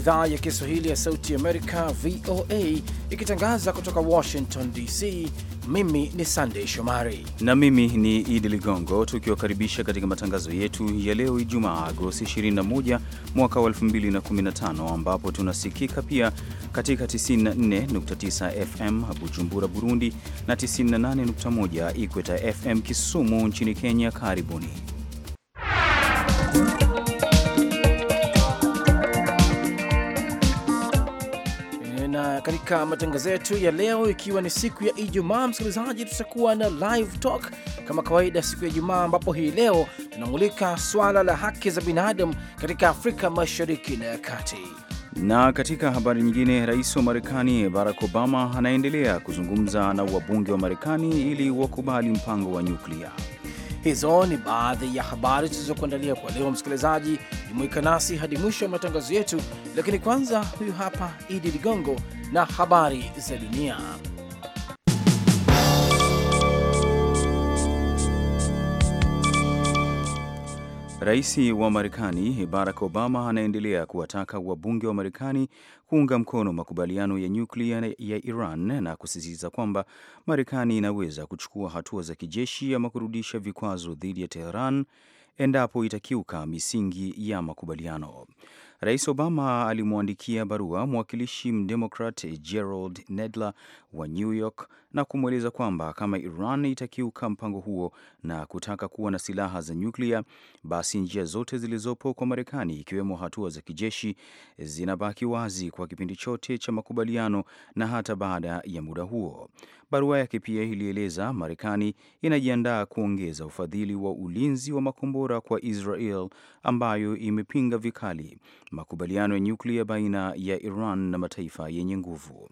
idhaa ya Kiswahili ya Sauti Amerika, VOA, ikitangaza kutoka Washington DC. Mimi ni Sandey Shomari na mimi ni Idi Ligongo, tukiwakaribisha katika matangazo yetu ya leo Ijumaa Agosti 21 mwaka wa 2015, ambapo tunasikika pia katika 94.9 FM Bujumbura, Burundi na 98.1 Ikweta FM Kisumu nchini Kenya. Karibuni. katika matangazo yetu ya leo, ikiwa ni siku ya Ijumaa, msikilizaji, tutakuwa na live talk kama kawaida siku ya Ijumaa, ambapo hii leo tunamulika swala la haki za binadamu katika Afrika Mashariki na ya Kati. Na katika habari nyingine, rais wa Marekani Barack Obama anaendelea kuzungumza na wabunge wa Marekani ili wakubali mpango wa nyuklia. Hizo ni baadhi ya habari zilizokuandalia kwa leo. Msikilizaji, jumuika nasi hadi mwisho ya matangazo yetu, lakini kwanza, huyu hapa Idi Ligongo na habari za dunia. Rais wa Marekani Barack Obama anaendelea kuwataka wabunge wa Marekani kuunga mkono makubaliano ya nyuklia ya Iran na kusisitiza kwamba Marekani inaweza kuchukua hatua za kijeshi ama kurudisha vikwazo dhidi ya Teheran endapo itakiuka misingi ya makubaliano. Rais Obama alimwandikia barua mwakilishi mdemokrat Gerald Nedler wa New York na kumweleza kwamba kama Iran itakiuka mpango huo na kutaka kuwa na silaha za nyuklia, basi njia zote zilizopo kwa Marekani, ikiwemo hatua za kijeshi, zinabaki wazi kwa kipindi chote cha makubaliano na hata baada ya muda huo. Barua yake pia ilieleza Marekani inajiandaa kuongeza ufadhili wa ulinzi wa makombora kwa Israel ambayo imepinga vikali makubaliano ya nyuklia baina ya Iran na mataifa yenye nguvu.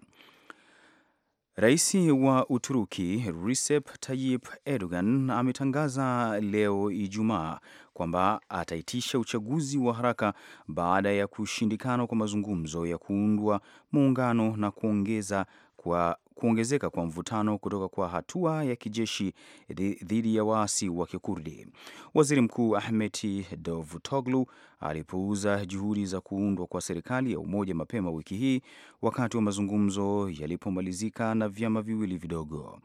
Rais wa Uturuki Recep Tayyip Erdogan ametangaza leo Ijumaa kwamba ataitisha uchaguzi wa haraka baada ya kushindikana kwa mazungumzo ya kuundwa muungano na kuongeza kwa kuongezeka kwa mvutano kutoka kwa hatua ya kijeshi dhidi ya waasi wa Kikurdi. Waziri Mkuu Ahmet Davutoglu alipuuza juhudi za kuundwa kwa serikali ya umoja mapema wiki hii wakati wa mazungumzo yalipomalizika na vyama viwili vidogo.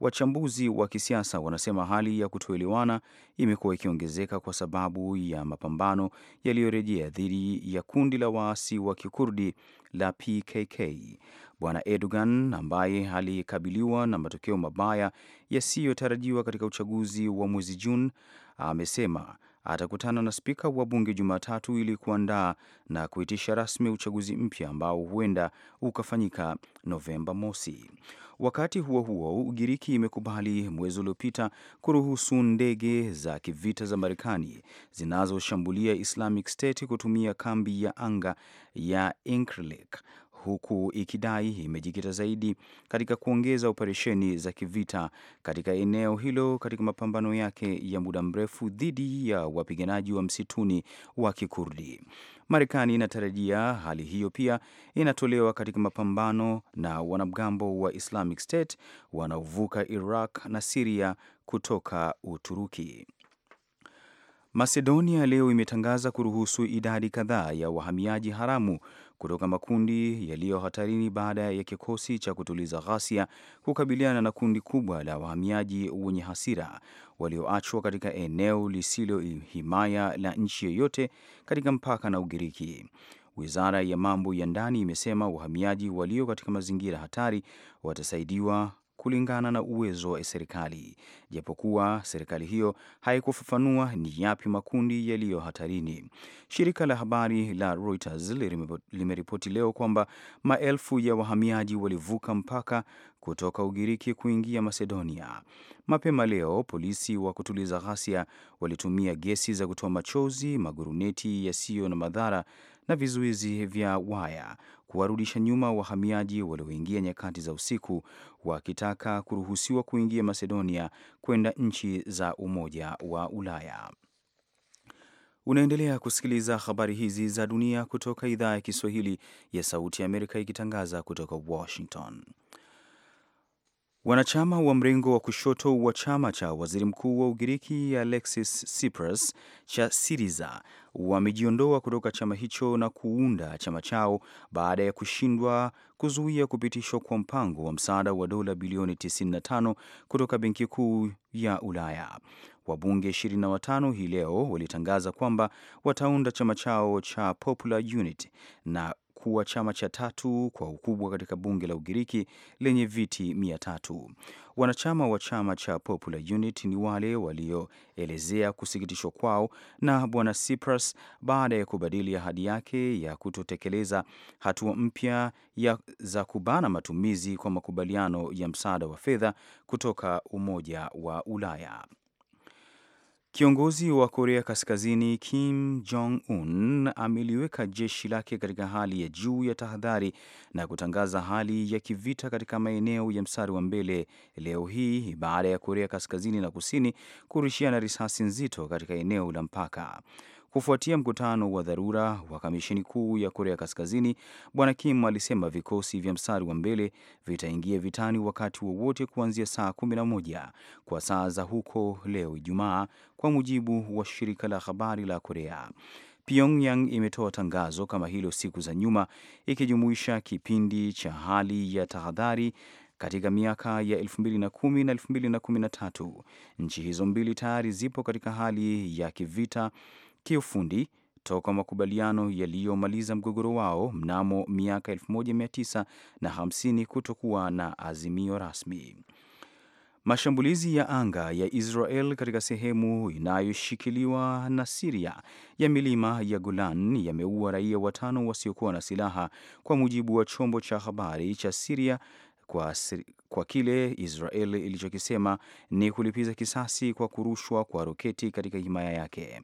Wachambuzi wa kisiasa wanasema hali ya kutoelewana imekuwa ikiongezeka kwa sababu ya mapambano yaliyorejea dhidi ya kundi la waasi wa Kikurdi la PKK Bwana Erdogan ambaye alikabiliwa na matokeo mabaya yasiyotarajiwa katika uchaguzi wa mwezi Juni amesema atakutana na spika wa bunge Jumatatu ili kuandaa na kuitisha rasmi uchaguzi mpya ambao huenda ukafanyika Novemba mosi. Wakati huo huo, Ugiriki imekubali mwezi uliopita kuruhusu ndege za kivita za Marekani zinazoshambulia Islamic State kutumia kambi ya anga ya Incirlik huku ikidai imejikita zaidi katika kuongeza operesheni za kivita katika eneo hilo katika mapambano yake ya muda mrefu dhidi ya wapiganaji wa msituni wa Kikurdi. Marekani inatarajia hali hiyo pia inatolewa katika mapambano na wanamgambo wa Islamic State wanaovuka Iraq na Siria kutoka Uturuki. Macedonia leo imetangaza kuruhusu idadi kadhaa ya wahamiaji haramu kutoka makundi yaliyo hatarini baada ya kikosi cha kutuliza ghasia kukabiliana na kundi kubwa la wahamiaji wenye hasira walioachwa katika eneo lisilo himaya la nchi yoyote katika mpaka na Ugiriki. Wizara ya mambo ya ndani imesema wahamiaji walio katika mazingira hatari watasaidiwa kulingana na uwezo wa serikali, japokuwa serikali hiyo haikufafanua ni yapi makundi yaliyo hatarini. Shirika la habari la Reuters limeripoti leo kwamba maelfu ya wahamiaji walivuka mpaka kutoka Ugiriki kuingia Macedonia. Mapema leo polisi wa kutuliza ghasia walitumia gesi za kutoa machozi, maguruneti yasiyo na madhara na vizuizi vya waya kuwarudisha nyuma wahamiaji walioingia nyakati za usiku wakitaka kuruhusiwa kuingia Macedonia kwenda nchi za Umoja wa Ulaya. Unaendelea kusikiliza habari hizi za dunia kutoka idhaa ya Kiswahili ya Sauti ya Amerika ikitangaza kutoka Washington. Wanachama wa mrengo wa kushoto wa chama cha waziri mkuu wa Ugiriki Alexis Tsipras cha Siriza wamejiondoa kutoka chama hicho na kuunda chama chao baada ya kushindwa kuzuia kupitishwa kwa mpango wa msaada wa dola bilioni 95 kutoka Benki Kuu ya Ulaya. Wabunge 25 hii leo walitangaza kwamba wataunda chama chao cha Popular Unity na kuwa chama cha tatu kwa ukubwa katika bunge la Ugiriki lenye viti mia tatu. Wanachama wa chama cha Popular Unit ni wale walioelezea kusikitishwa kwao na bwana Tsipras baada ya kubadili ahadi yake ya kutotekeleza hatua mpya za kubana matumizi kwa makubaliano ya msaada wa fedha kutoka Umoja wa Ulaya. Kiongozi wa Korea Kaskazini Kim Jong Un ameliweka jeshi lake katika hali ya juu ya tahadhari na kutangaza hali ya kivita katika maeneo ya mstari wa mbele leo hii baada ya Korea Kaskazini na Kusini kurushiana risasi nzito katika eneo la mpaka kufuatia mkutano wa dharura wa kamishini kuu ya Korea Kaskazini. Bwana Kim alisema vikosi vya mstari wa mbele vitaingia vitani wakati wowote wa kuanzia saa 11 kwa saa za huko leo Ijumaa, kwa mujibu wa shirika la habari la Korea. Pyongyang imetoa tangazo kama hilo siku za nyuma, ikijumuisha kipindi cha hali ya tahadhari katika miaka ya 2010 na 2013. Nchi hizo mbili tayari zipo katika hali ya kivita kiufundi toka makubaliano yaliyomaliza mgogoro wao mnamo miaka 1950 kutokuwa na azimio rasmi. Mashambulizi ya anga ya Israel katika sehemu inayoshikiliwa na Siria ya milima ya Golan yameua raia watano wasiokuwa na silaha kwa mujibu wa chombo cha habari cha Siria kwa, kwa kile Israel ilichokisema ni kulipiza kisasi kwa kurushwa kwa roketi katika himaya yake.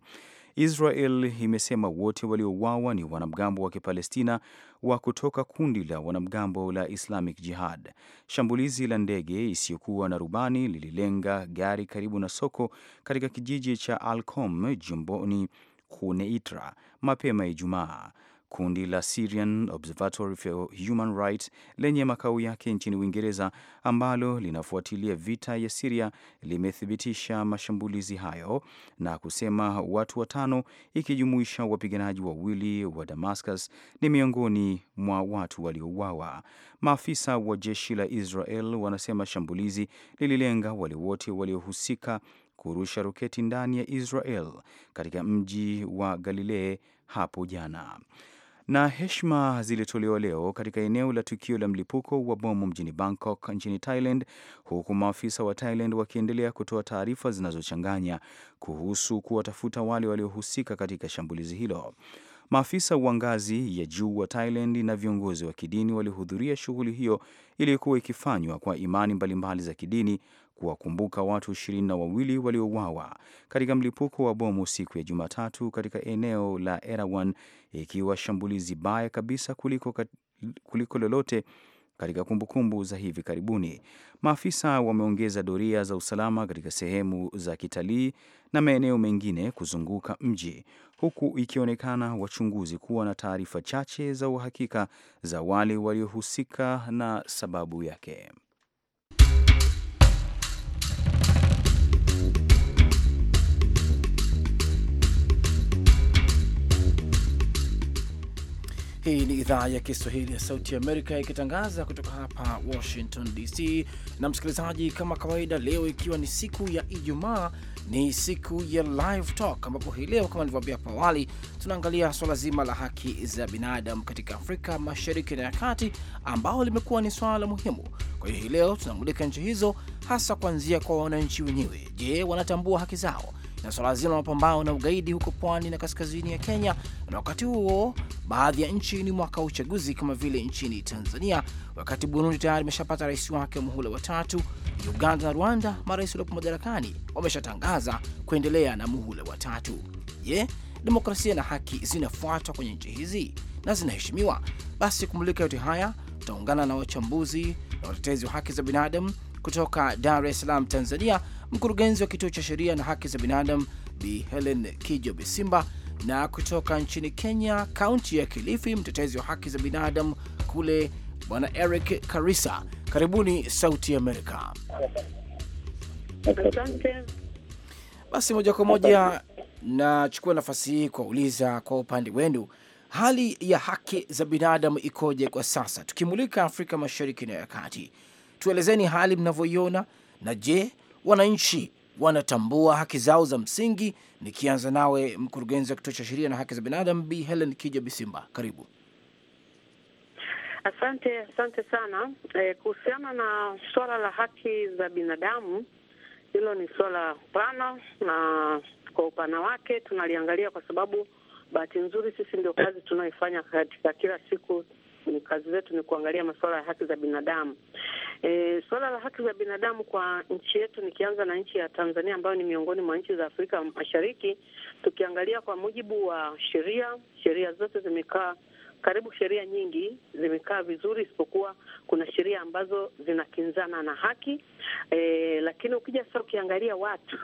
Israel imesema wote waliouawa ni wanamgambo wa Kipalestina wa kutoka kundi la wanamgambo la Islamic Jihad. Shambulizi la ndege isiyokuwa na rubani lililenga gari karibu na soko katika kijiji cha Alcom jimboni Kuneitra mapema Ijumaa. Kundi la Syrian Observatory for Human Rights lenye makao yake nchini Uingereza ambalo linafuatilia vita ya Siria limethibitisha mashambulizi hayo na kusema watu watano ikijumuisha wapiganaji wawili wa Damascus ni miongoni mwa watu waliouawa. Maafisa wa jeshi la Israel wanasema shambulizi lililenga wale wote waliohusika kurusha roketi ndani ya Israel katika mji wa Galilee hapo jana na heshima zilitolewa leo katika eneo la tukio la mlipuko wa bomu mjini Bangkok nchini Thailand, huku maafisa wa Thailand wakiendelea kutoa taarifa zinazochanganya kuhusu kuwatafuta wale waliohusika katika shambulizi hilo. Maafisa wa ngazi ya juu wa Thailand na viongozi wa kidini walihudhuria shughuli hiyo iliyokuwa ikifanywa kwa imani mbalimbali za kidini, kuwakumbuka watu ishirini na wawili waliouawa katika mlipuko wa bomu siku ya Jumatatu katika eneo la Erawan, ikiwa shambulizi baya kabisa kuliko, kat... kuliko lolote katika kumbukumbu za hivi karibuni. Maafisa wameongeza doria za usalama katika sehemu za kitalii na maeneo mengine kuzunguka mji, huku ikionekana wachunguzi kuwa na taarifa chache za uhakika za wale waliohusika na sababu yake. Hii ni idhaa ya Kiswahili ya Sauti ya Amerika ikitangaza kutoka hapa Washington DC. Na msikilizaji, kama kawaida, leo ikiwa ni siku ya Ijumaa, ni siku ya Live Talk, ambapo hii leo kama nilivyoambia hapo awali, tunaangalia swala zima la haki za binadamu katika Afrika Mashariki na ya Kati, ambao limekuwa ni swala muhimu. Kwa hiyo hii leo tunamulika nchi hizo, hasa kuanzia kwa wananchi wenyewe. Je, wanatambua haki zao? na suala zima la mapambano na ugaidi huko pwani na kaskazini ya Kenya, na wakati huo baadhi ya nchi ni mwaka wa uchaguzi kama vile nchini Tanzania, wakati Burundi tayari imeshapata rais wake muhula watatu. Uganda na Rwanda, marais waliopo madarakani, wameshatangaza kuendelea na muhula watatu. Je, demokrasia na haki zinafuatwa kwenye nchi hizi na zinaheshimiwa? Basi kumulika yote haya, tutaungana na wachambuzi na watetezi wa haki za binadamu kutoka Dar es Salaam, Tanzania, mkurugenzi wa kituo cha sheria na haki za binadamu Bi Helen Kijo Bisimba, na kutoka nchini Kenya, kaunti ya Kilifi, mtetezi wa haki za binadamu kule Bwana Eric Karisa. Karibuni Sauti Amerika. Basi moja kwa moja nachukua nafasi hii kuwauliza kwa upande wenu, hali ya haki za binadamu ikoje kwa sasa, tukimulika Afrika Mashariki na ya Kati? tuelezeni hali mnavyoiona, na je, wananchi wanatambua haki zao za msingi? Nikianza nawe mkurugenzi wa kituo cha sheria na haki za binadamu Bi Helen Kija Bisimba, karibu. Asante, asante sana. E, kuhusiana na suala la haki za binadamu, hilo ni suala pana, na kwa upana wake tunaliangalia kwa sababu bahati nzuri sisi ndio kazi tunaoifanya katika kila siku ni kazi zetu ni kuangalia masuala ya haki za binadamu. E, suala la haki za binadamu kwa nchi yetu, nikianza na nchi ya Tanzania ambayo ni miongoni mwa nchi za Afrika Mashariki, tukiangalia kwa mujibu wa sheria, sheria zote zimekaa karibu sheria nyingi zimekaa vizuri, isipokuwa kuna sheria ambazo zinakinzana na haki e, lakini ukija sasa ukiangalia watu,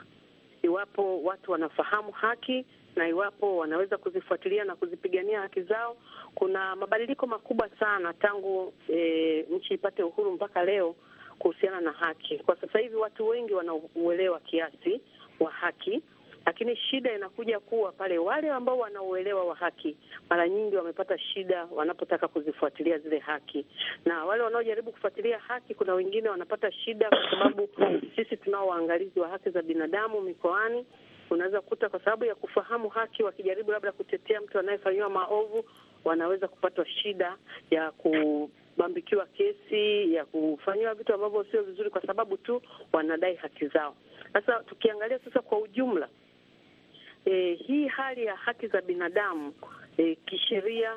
iwapo watu wanafahamu haki na iwapo wanaweza kuzifuatilia na kuzipigania haki zao. Kuna mabadiliko makubwa sana tangu e, nchi ipate uhuru mpaka leo kuhusiana na haki. Kwa sasa hivi watu wengi wanauelewa kiasi wa haki, lakini shida inakuja kuwa pale wale ambao wanauelewa wa haki mara nyingi wamepata shida wanapotaka kuzifuatilia zile haki, na wale wanaojaribu kufuatilia haki, kuna wengine wanapata shida, kwa sababu sisi tunao waangalizi wa haki za binadamu mikoani unaweza kukuta kwa sababu ya kufahamu haki, wakijaribu labda kutetea mtu anayefanyiwa maovu, wanaweza kupatwa shida ya kubambikiwa kesi, ya kufanyiwa vitu ambavyo sio vizuri, kwa sababu tu wanadai haki zao. Sasa tukiangalia sasa kwa ujumla e, hii hali ya haki za binadamu e, kisheria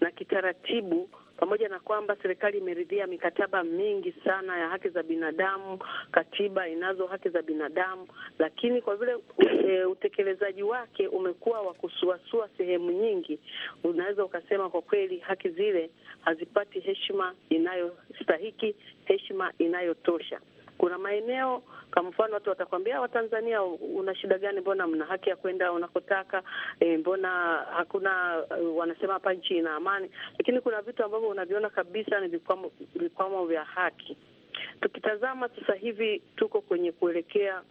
na kitaratibu pamoja na kwamba serikali imeridhia mikataba mingi sana ya haki za binadamu, katiba inazo haki za binadamu, lakini kwa vile e, utekelezaji wake umekuwa wa kusuasua sehemu nyingi, unaweza ukasema kwa kweli haki zile hazipati heshima inayostahiki, heshima inayotosha. Kuna maeneo kama mfano watu watakwambia Watanzania, una shida gani? Mbona mna haki ya kwenda unakotaka e, mbona hakuna eh, wanasema hapa nchi ina amani, lakini kuna vitu ambavyo unaviona kabisa ni vikwamo, vikwamo vya haki. Tukitazama sasa hivi tuko kwenye kuelekea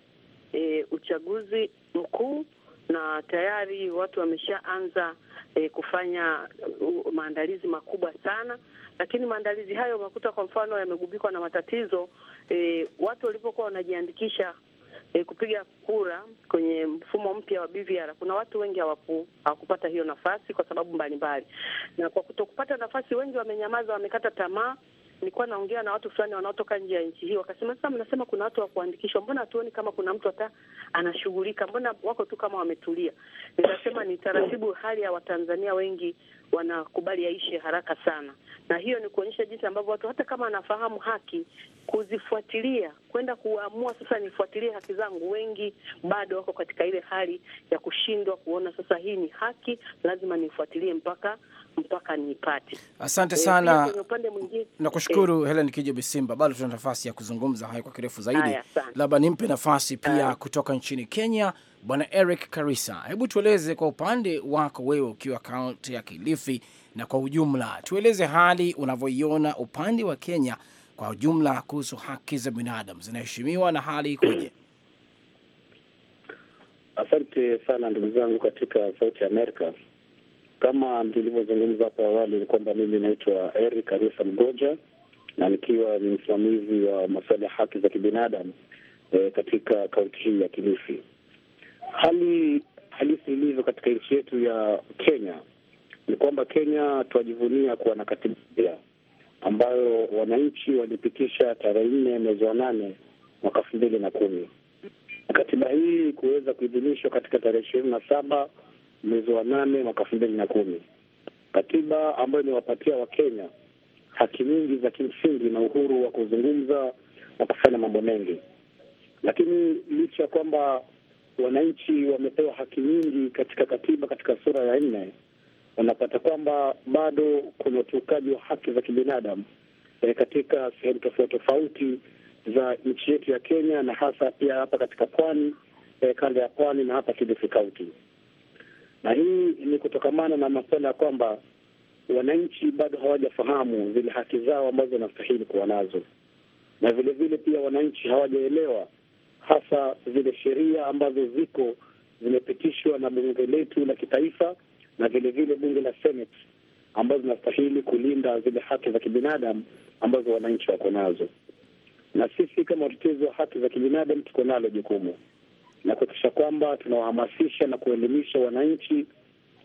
e, uchaguzi mkuu na tayari watu wameshaanza e, kufanya uh, maandalizi makubwa sana, lakini maandalizi hayo makuta kwa mfano yamegubikwa na matatizo e, watu walipokuwa wanajiandikisha e, kupiga kura kwenye mfumo mpya wa BVR, kuna watu wengi hawaku, hawakupata hiyo nafasi kwa sababu mbalimbali mbali. Na kwa kutokupata nafasi wengi wamenyamaza, wamekata tamaa nilikuwa naongea na watu fulani wanaotoka nje ya nchi hii, wakasema sasa, mnasema kuna watu wa kuandikishwa, mbona hatuoni kama kuna mtu hata anashughulika? Mbona wako tu kama wametulia? Nikasema ni taratibu, hali ya Watanzania wengi wanakubali aishe haraka sana, na hiyo ni kuonyesha jinsi ambavyo watu hata kama anafahamu haki kuzifuatilia, kwenda kuamua sasa nifuatilie haki zangu, wengi bado wako katika ile hali ya kushindwa kuona sasa hii ni haki, lazima nifuatilie mpaka mpaka niipate. Asante eh, sana e, nakushukuru e. Helen Kijo bisimba bado tuna nafasi ya kuzungumza hayo kwa kirefu zaidi, labda nimpe nafasi pia Aya. kutoka nchini Kenya Bwana Eric Karisa, hebu tueleze kwa upande wako wewe ukiwa kaunti ya Kilifi na kwa ujumla, tueleze hali unavyoiona upande wa Kenya kwa ujumla kuhusu haki za binadamu zinaheshimiwa na hali ikoje? Asante sana ndugu zangu katika Sauti ya Amerika. Kama nilivyozungumza hapo awali, ni kwamba mimi naitwa Eric Karisa Mgoja na nikiwa ni msimamizi wa masuala ya haki za kibinadamu e, katika kaunti hii ya Kilifi. Hali halisi ilivyo katika nchi yetu ya Kenya ni kwamba Kenya tuwajivunia kuwa na katiba mpya ambayo wananchi walipitisha tarehe nne mwezi wa nane mwaka elfu mbili na kumi katiba hii kuweza kuidhinishwa katika tarehe ishirini na saba mwezi wa nane mwaka elfu mbili na kumi katiba ambayo imewapatia Wakenya haki nyingi za kimsingi na uhuru wa kuzungumza na kufanya mambo mengi, lakini licha ya kwamba wananchi wamepewa haki nyingi katika katiba, katika sura ya nne, wanapata kwamba bado kuna ukiukaji wa haki za kibinadamu e, katika sehemu tofauti tofauti za nchi yetu ya Kenya na hasa pia hapa katika pwani e, kanda ya pwani na hapa Kilifi Kaunti, na hii ni kutokamana na masuala ya kwamba wananchi bado hawajafahamu zile haki zao ambazo wanastahili kuwa nazo, na vilevile vile pia wananchi hawajaelewa hasa zile sheria ambazo ziko zimepitishwa na bunge letu la kitaifa na vilevile bunge la Senate ambazo zinastahili kulinda zile haki za kibinadamu ambazo wananchi wako nazo, na sisi kama watetezi wa haki za kibinadamu tuko nalo jukumu na kuhakikisha kwamba tunawahamasisha na kuelimisha wananchi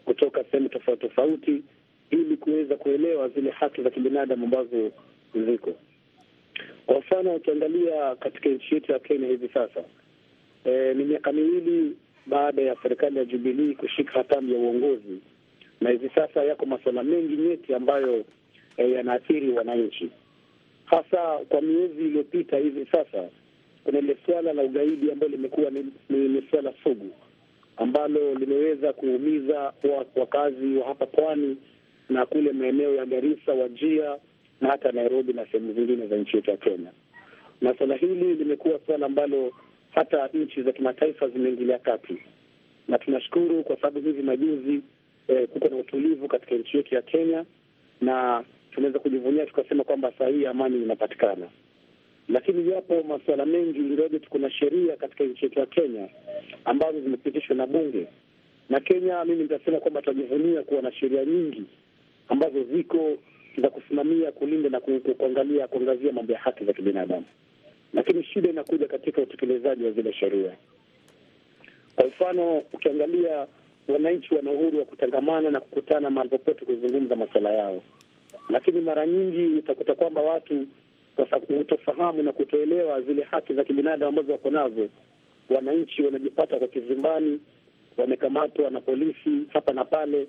kutoka sehemu tofauti tofauti ili kuweza kuelewa zile haki za kibinadamu ambazo ziko kwa mfano ukiangalia katika nchi yetu ya Kenya hivi sasa e, ni miaka miwili baada ya serikali ya Jubilii kushika hatamu ya uongozi, na hivi sasa yako masuala mengi nyeti ambayo e, yanaathiri wananchi, hasa kwa miezi iliyopita. Hivi sasa kuna ile suala la ugaidi ambalo limekuwa ni, ni, ni suala sugu ambalo limeweza kuumiza wakazi wa hapa pwani na kule maeneo ya Garissa, Wajia na hata Nairobi na sehemu zingine za nchi yetu ya Kenya. Na swala hili limekuwa swala ambalo hata nchi za kimataifa zimeingilia kati, na tunashukuru kwa sababu hivi majuzi eh, kuko na utulivu katika nchi yetu ya Kenya, na tunaweza kujivunia tukasema kwamba saa hii amani inapatikana. Lakini yapo masuala mengi, ingawaje tuko na sheria katika nchi yetu ya Kenya ambazo zimepitishwa na bunge na Kenya, mimi nitasema kwamba tunajivunia kuwa na sheria nyingi ambazo ziko za kusimamia, kulinda na kuangalia, kuangazia mambo ya haki za kibinadamu, lakini shida inakuja katika utekelezaji wa zile sheria. Kwa mfano, ukiangalia wananchi wana uhuru wa kutangamana na kukutana mahali popote kuzungumza masuala yao, lakini mara nyingi utakuta kwamba watu kutofahamu na kutoelewa zile haki za kibinadamu ambazo wako nazo, wananchi wanajipata kwa kizimbani, wamekamatwa na polisi hapa na pale,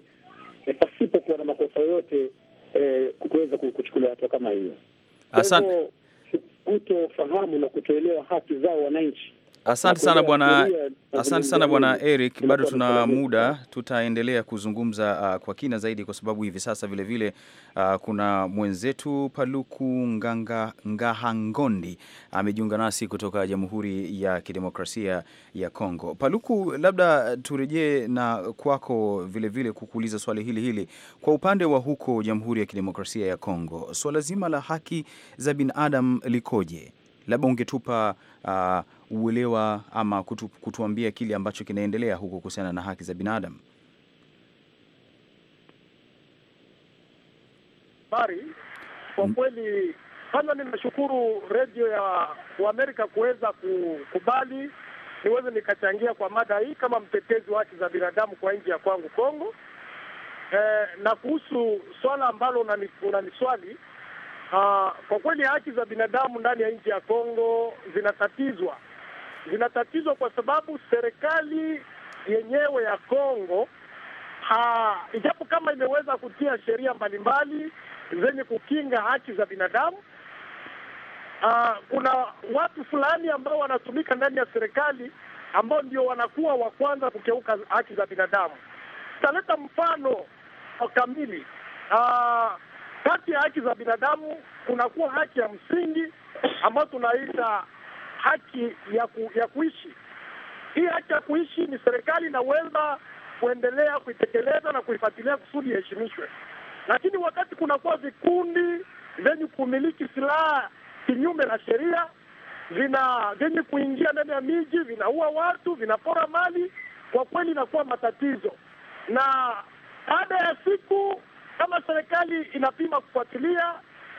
eh, pasipo kuwa na makosa yote eh, kuweza kuchukulia hatua kama hiyo. Asante. Kutofahamu na kutoelewa haki zao wananchi Asante sana bwana, asante sana bwana Eric, bado tuna muda, tutaendelea kuzungumza uh, kwa kina zaidi, kwa sababu hivi sasa vile vile uh, kuna mwenzetu Paluku Nganga Ngahangondi amejiunga nasi kutoka Jamhuri ya Kidemokrasia ya Kongo. Paluku, labda turejee na kwako vile vile kukuuliza swali hili hili kwa upande wa huko Jamhuri ya Kidemokrasia ya Kongo, swala zima la haki za binadamu likoje? Labda ungetupa uh, uelewa ama kutu, kutuambia kile ambacho kinaendelea huko kuhusiana na haki za binadamu? Bari, kwa mm. kweli kwanza ninashukuru redio ya Amerika kuweza kukubali niweze nikachangia kwa mada hii kama mtetezi wa haki za binadamu kwa nchi ya kwangu Kongo. Eh, na kuhusu swala ambalo unaniswali ah, kwa kweli haki za binadamu ndani ya nchi ya Kongo zinatatizwa zina tatizo kwa sababu serikali yenyewe ya Kongo ha, ijapo kama imeweza kutia sheria mbalimbali zenye kukinga haki za binadamu ha, kuna watu fulani ambao wanatumika ndani ya serikali ambao ndio wanakuwa wa kwanza kukeuka haki za binadamu. Tutaleta mfano kamili ha, kati ya haki za binadamu kunakuwa haki ya msingi ambayo tunaita haki ya, ku, ya kuishi. Hii haki ya kuishi ni serikali inaweza kuendelea kuitekeleza na kuifuatilia kusudi iheshimishwe, lakini wakati kunakuwa vikundi vyenye kumiliki silaha kinyume na sheria vina vyenye kuingia ndani ya miji, vinaua watu, vinapora mali, kwa kweli inakuwa matatizo. Na baada ya siku, kama serikali inapima kufuatilia,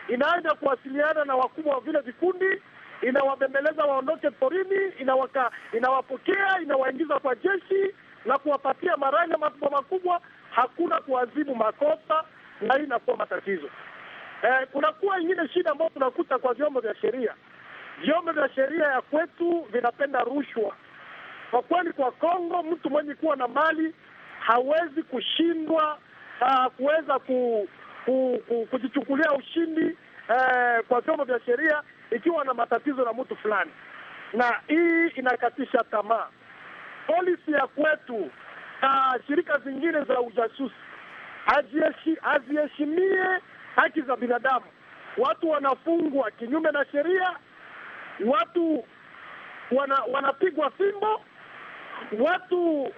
inaanza kuwasiliana na wakubwa wa vile vikundi inawabembeleza waondoke porini, inawaka, inawapokea, inawaingiza kwa jeshi na kuwapatia marani makubwa makubwa, hakuna kuadhibu makosa, na hii inakuwa matatizo. Eh, kunakuwa ingine shida ambayo tunakuta kwa vyombo vya sheria. Vyombo vya sheria ya kwetu vinapenda rushwa. Kwa kweli, kwa Kongo mtu mwenye kuwa na mali hawezi kushindwa uh, kuweza ku, ku, ku, kujichukulia ushindi eh, kwa vyombo vya sheria ikiwa na matatizo na mtu fulani, na hii inakatisha tamaa. Polisi ya kwetu na shirika zingine za ujasusi haziheshimie haki za binadamu. Watu wanafungwa kinyume na sheria, watu wana, wanapigwa fimbo, watu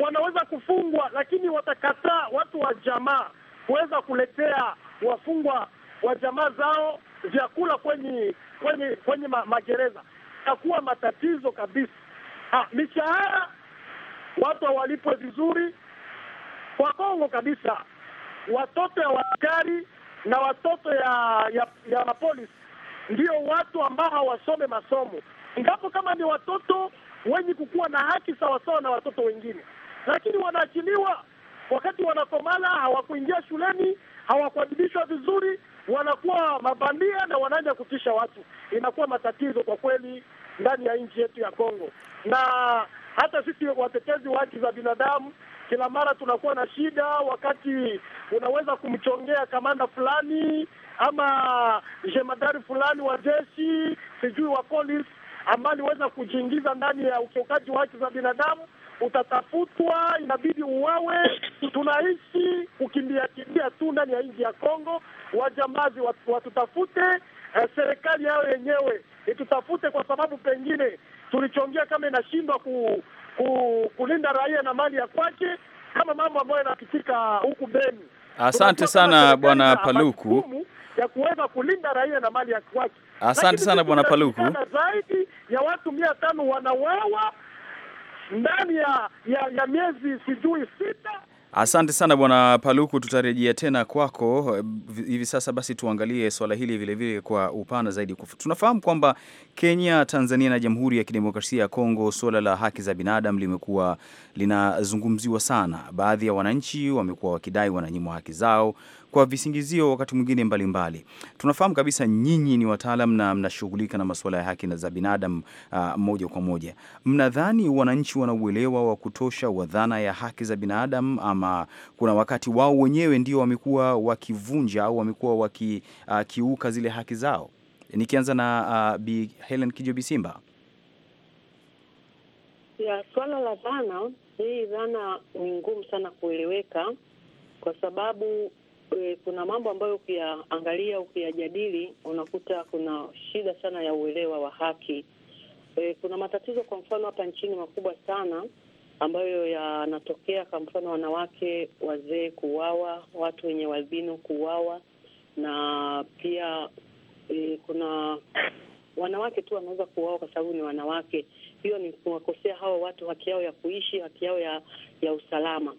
wanaweza kufungwa, lakini watakataa watu wa jamaa kuweza kuletea wafungwa wa jamaa zao vyakula kwenye kwenye kwenye ma, magereza takuwa matatizo kabisa. mishahara watu hawalipwe vizuri kwa Kongo kabisa, watoto ya askari na watoto ya ya, ya mapolisi ndio watu ambao hawasome masomo, ingapo kama ni watoto wenye kukuwa na haki sawasawa na watoto wengine, lakini wanaachiliwa wakati wanakomala, hawakuingia shuleni, hawakuadibishwa vizuri, wanakuwa mabandia na wanaanza kutisha watu. Inakuwa matatizo kwa kweli ndani ya nchi yetu ya Kongo, na hata sisi watetezi wa haki za binadamu kila mara tunakuwa na shida, wakati unaweza kumchongea kamanda fulani ama jemadari fulani wa jeshi, sijui wa polisi, ambaye aliweza kujiingiza ndani ya ukiukaji wa haki za binadamu utatafutwa, inabidi uwawe. Tunaishi kukimbia kimbia tu ndani ya nji ya Kongo. Wajambazi watutafute, uh, serikali yao yenyewe itutafute, kwa sababu pengine tulichongea kama inashindwa ku, ku, kulinda raia na mali ya kwake, kama mambo ambayo yanapitika huku Beni. Asante sana bwana Paluku ya kuweza kulinda raia na mali ya kwake. Asante sana bwana Paluku. Zaidi ya watu mia tano wanawawa ndani ya, ya, ya miezi sijui sita. Asante sana Bwana Paluku, tutarejea tena kwako hivi sasa. Basi tuangalie swala hili vilevile vile kwa upana zaidi. Tunafahamu kwamba Kenya, Tanzania na Jamhuri ya Kidemokrasia ya Kongo, suala la haki za binadamu limekuwa linazungumziwa sana. Baadhi ya wananchi wamekuwa wakidai wananyimwa haki zao, kwa visingizio wakati mwingine mbalimbali. Tunafahamu kabisa nyinyi ni wataalam na mnashughulika na masuala ya haki za binadamu uh, moja kwa moja. Mnadhani wananchi wana uelewa wa kutosha wa dhana ya haki za binadamu, ama kuna wakati wao wenyewe ndio wamekuwa wakivunja au wamekuwa wakikiuka ah, uh, zile haki zao? Nikianza na uh, Bi Helen Kijobi Simba. Ya, swala la dhana hii, dhana ni ngumu sana kueleweka, kwa sababu e, kuna mambo ambayo ukiyaangalia, ukiyajadili, unakuta kuna shida sana ya uelewa wa haki. E, kuna matatizo kwa mfano hapa nchini makubwa sana ambayo yanatokea kwa mfano, wanawake wazee kuuawa, watu wenye ualbino kuuawa, na pia e, kuna wanawake tu wanaweza kuuawa kwa sababu ni wanawake. Hiyo ni kuwakosea hawa watu haki yao ya kuishi, haki yao ya, ya usalama.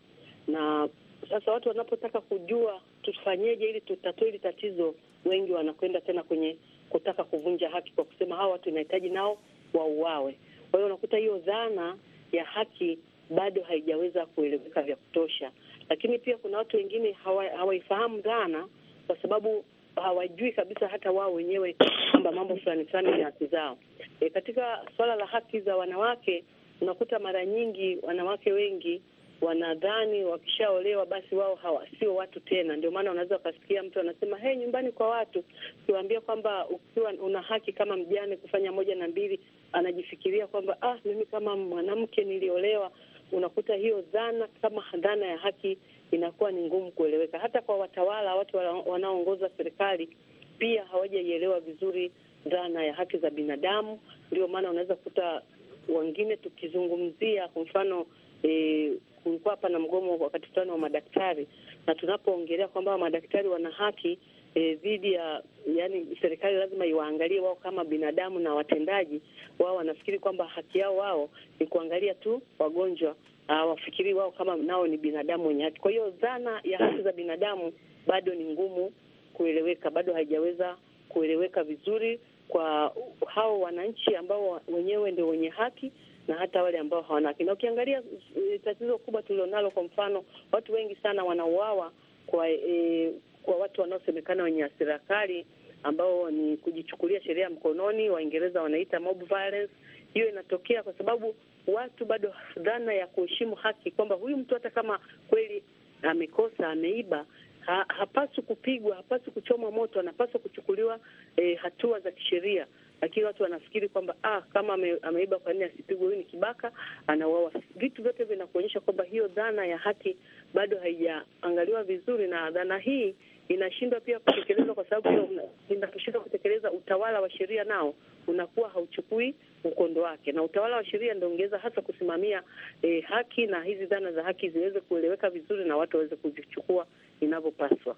Na sasa watu wanapotaka kujua tufanyeje ili tutatue hili tatizo, wengi wanakwenda tena kwenye kutaka kuvunja haki kwa kusema hawa watu inahitaji nao wauawe. Kwa hiyo unakuta hiyo dhana ya haki bado haijaweza kueleweka vya kutosha, lakini pia kuna watu wengine hawaifahamu hawa dhana kwa sababu hawajui kabisa hata wao wenyewe kwamba mambo fulani fulani ni haki zao. E, katika swala la haki za wanawake unakuta mara nyingi wanawake wengi wanadhani wakishaolewa basi wao hawa sio watu tena. Ndio maana unaweza ukasikia mtu anasema hey, nyumbani kwa watu, ukiwaambia kwamba ukiwa una haki kama mjane kufanya moja na mbili, anajifikiria kwamba ah, mimi kama mwanamke niliolewa. Unakuta hiyo dhana kama dhana ya haki inakuwa ni ngumu kueleweka, hata kwa watawala, watu wanaoongoza serikali pia hawajaielewa vizuri dhana ya haki za binadamu. Ndio maana unaweza kukuta wengine tukizungumzia kwa mfano e, kulikuwa hapa na mgomo wakati fulani wa madaktari, na tunapoongelea kwamba madaktari wana haki eh, dhidi e, ya yani, serikali lazima iwaangalie wao kama binadamu na watendaji wao. Wanafikiri kwamba haki yao wao ni kuangalia tu wagonjwa, hawafikiri wao kama nao ni binadamu wenye haki. Kwa hiyo dhana ya haki za binadamu bado ni ngumu kueleweka, bado haijaweza kueleweka vizuri kwa hao wananchi ambao wenyewe ndio wenye haki na hata wale ambao hawana haki. Na ukiangalia eh, tatizo kubwa tulilonalo, kwa mfano, watu wengi sana wanauawa kwa e, kwa watu wanaosemekana wenye serikali ambao ni kujichukulia sheria mkononi, Waingereza wanaita mob violence. Hiyo inatokea kwa sababu watu bado dhana ya kuheshimu haki, kwamba huyu mtu hata kama kweli amekosa, ameiba ha, hapaswi kupigwa, hapaswi kuchomwa moto, anapaswa kuchukuliwa e, hatua za kisheria lakini watu wanafikiri kwamba ah, kama ame, ameiba kwa nini asipigwe? Huyu ni kibaka, anauawa. Vitu vyote vinakuonyesha kwamba hiyo dhana ya haki bado haijaangaliwa vizuri, na dhana hii inashindwa pia kutekelezwa kwa sababu inaposhindwa kutekeleza, utawala wa sheria nao unakuwa hauchukui mkondo wake, na utawala wa sheria ndio ungeweza hasa kusimamia eh, haki na hizi dhana za haki ziweze kueleweka vizuri na watu waweze kuzichukua inavyopaswa.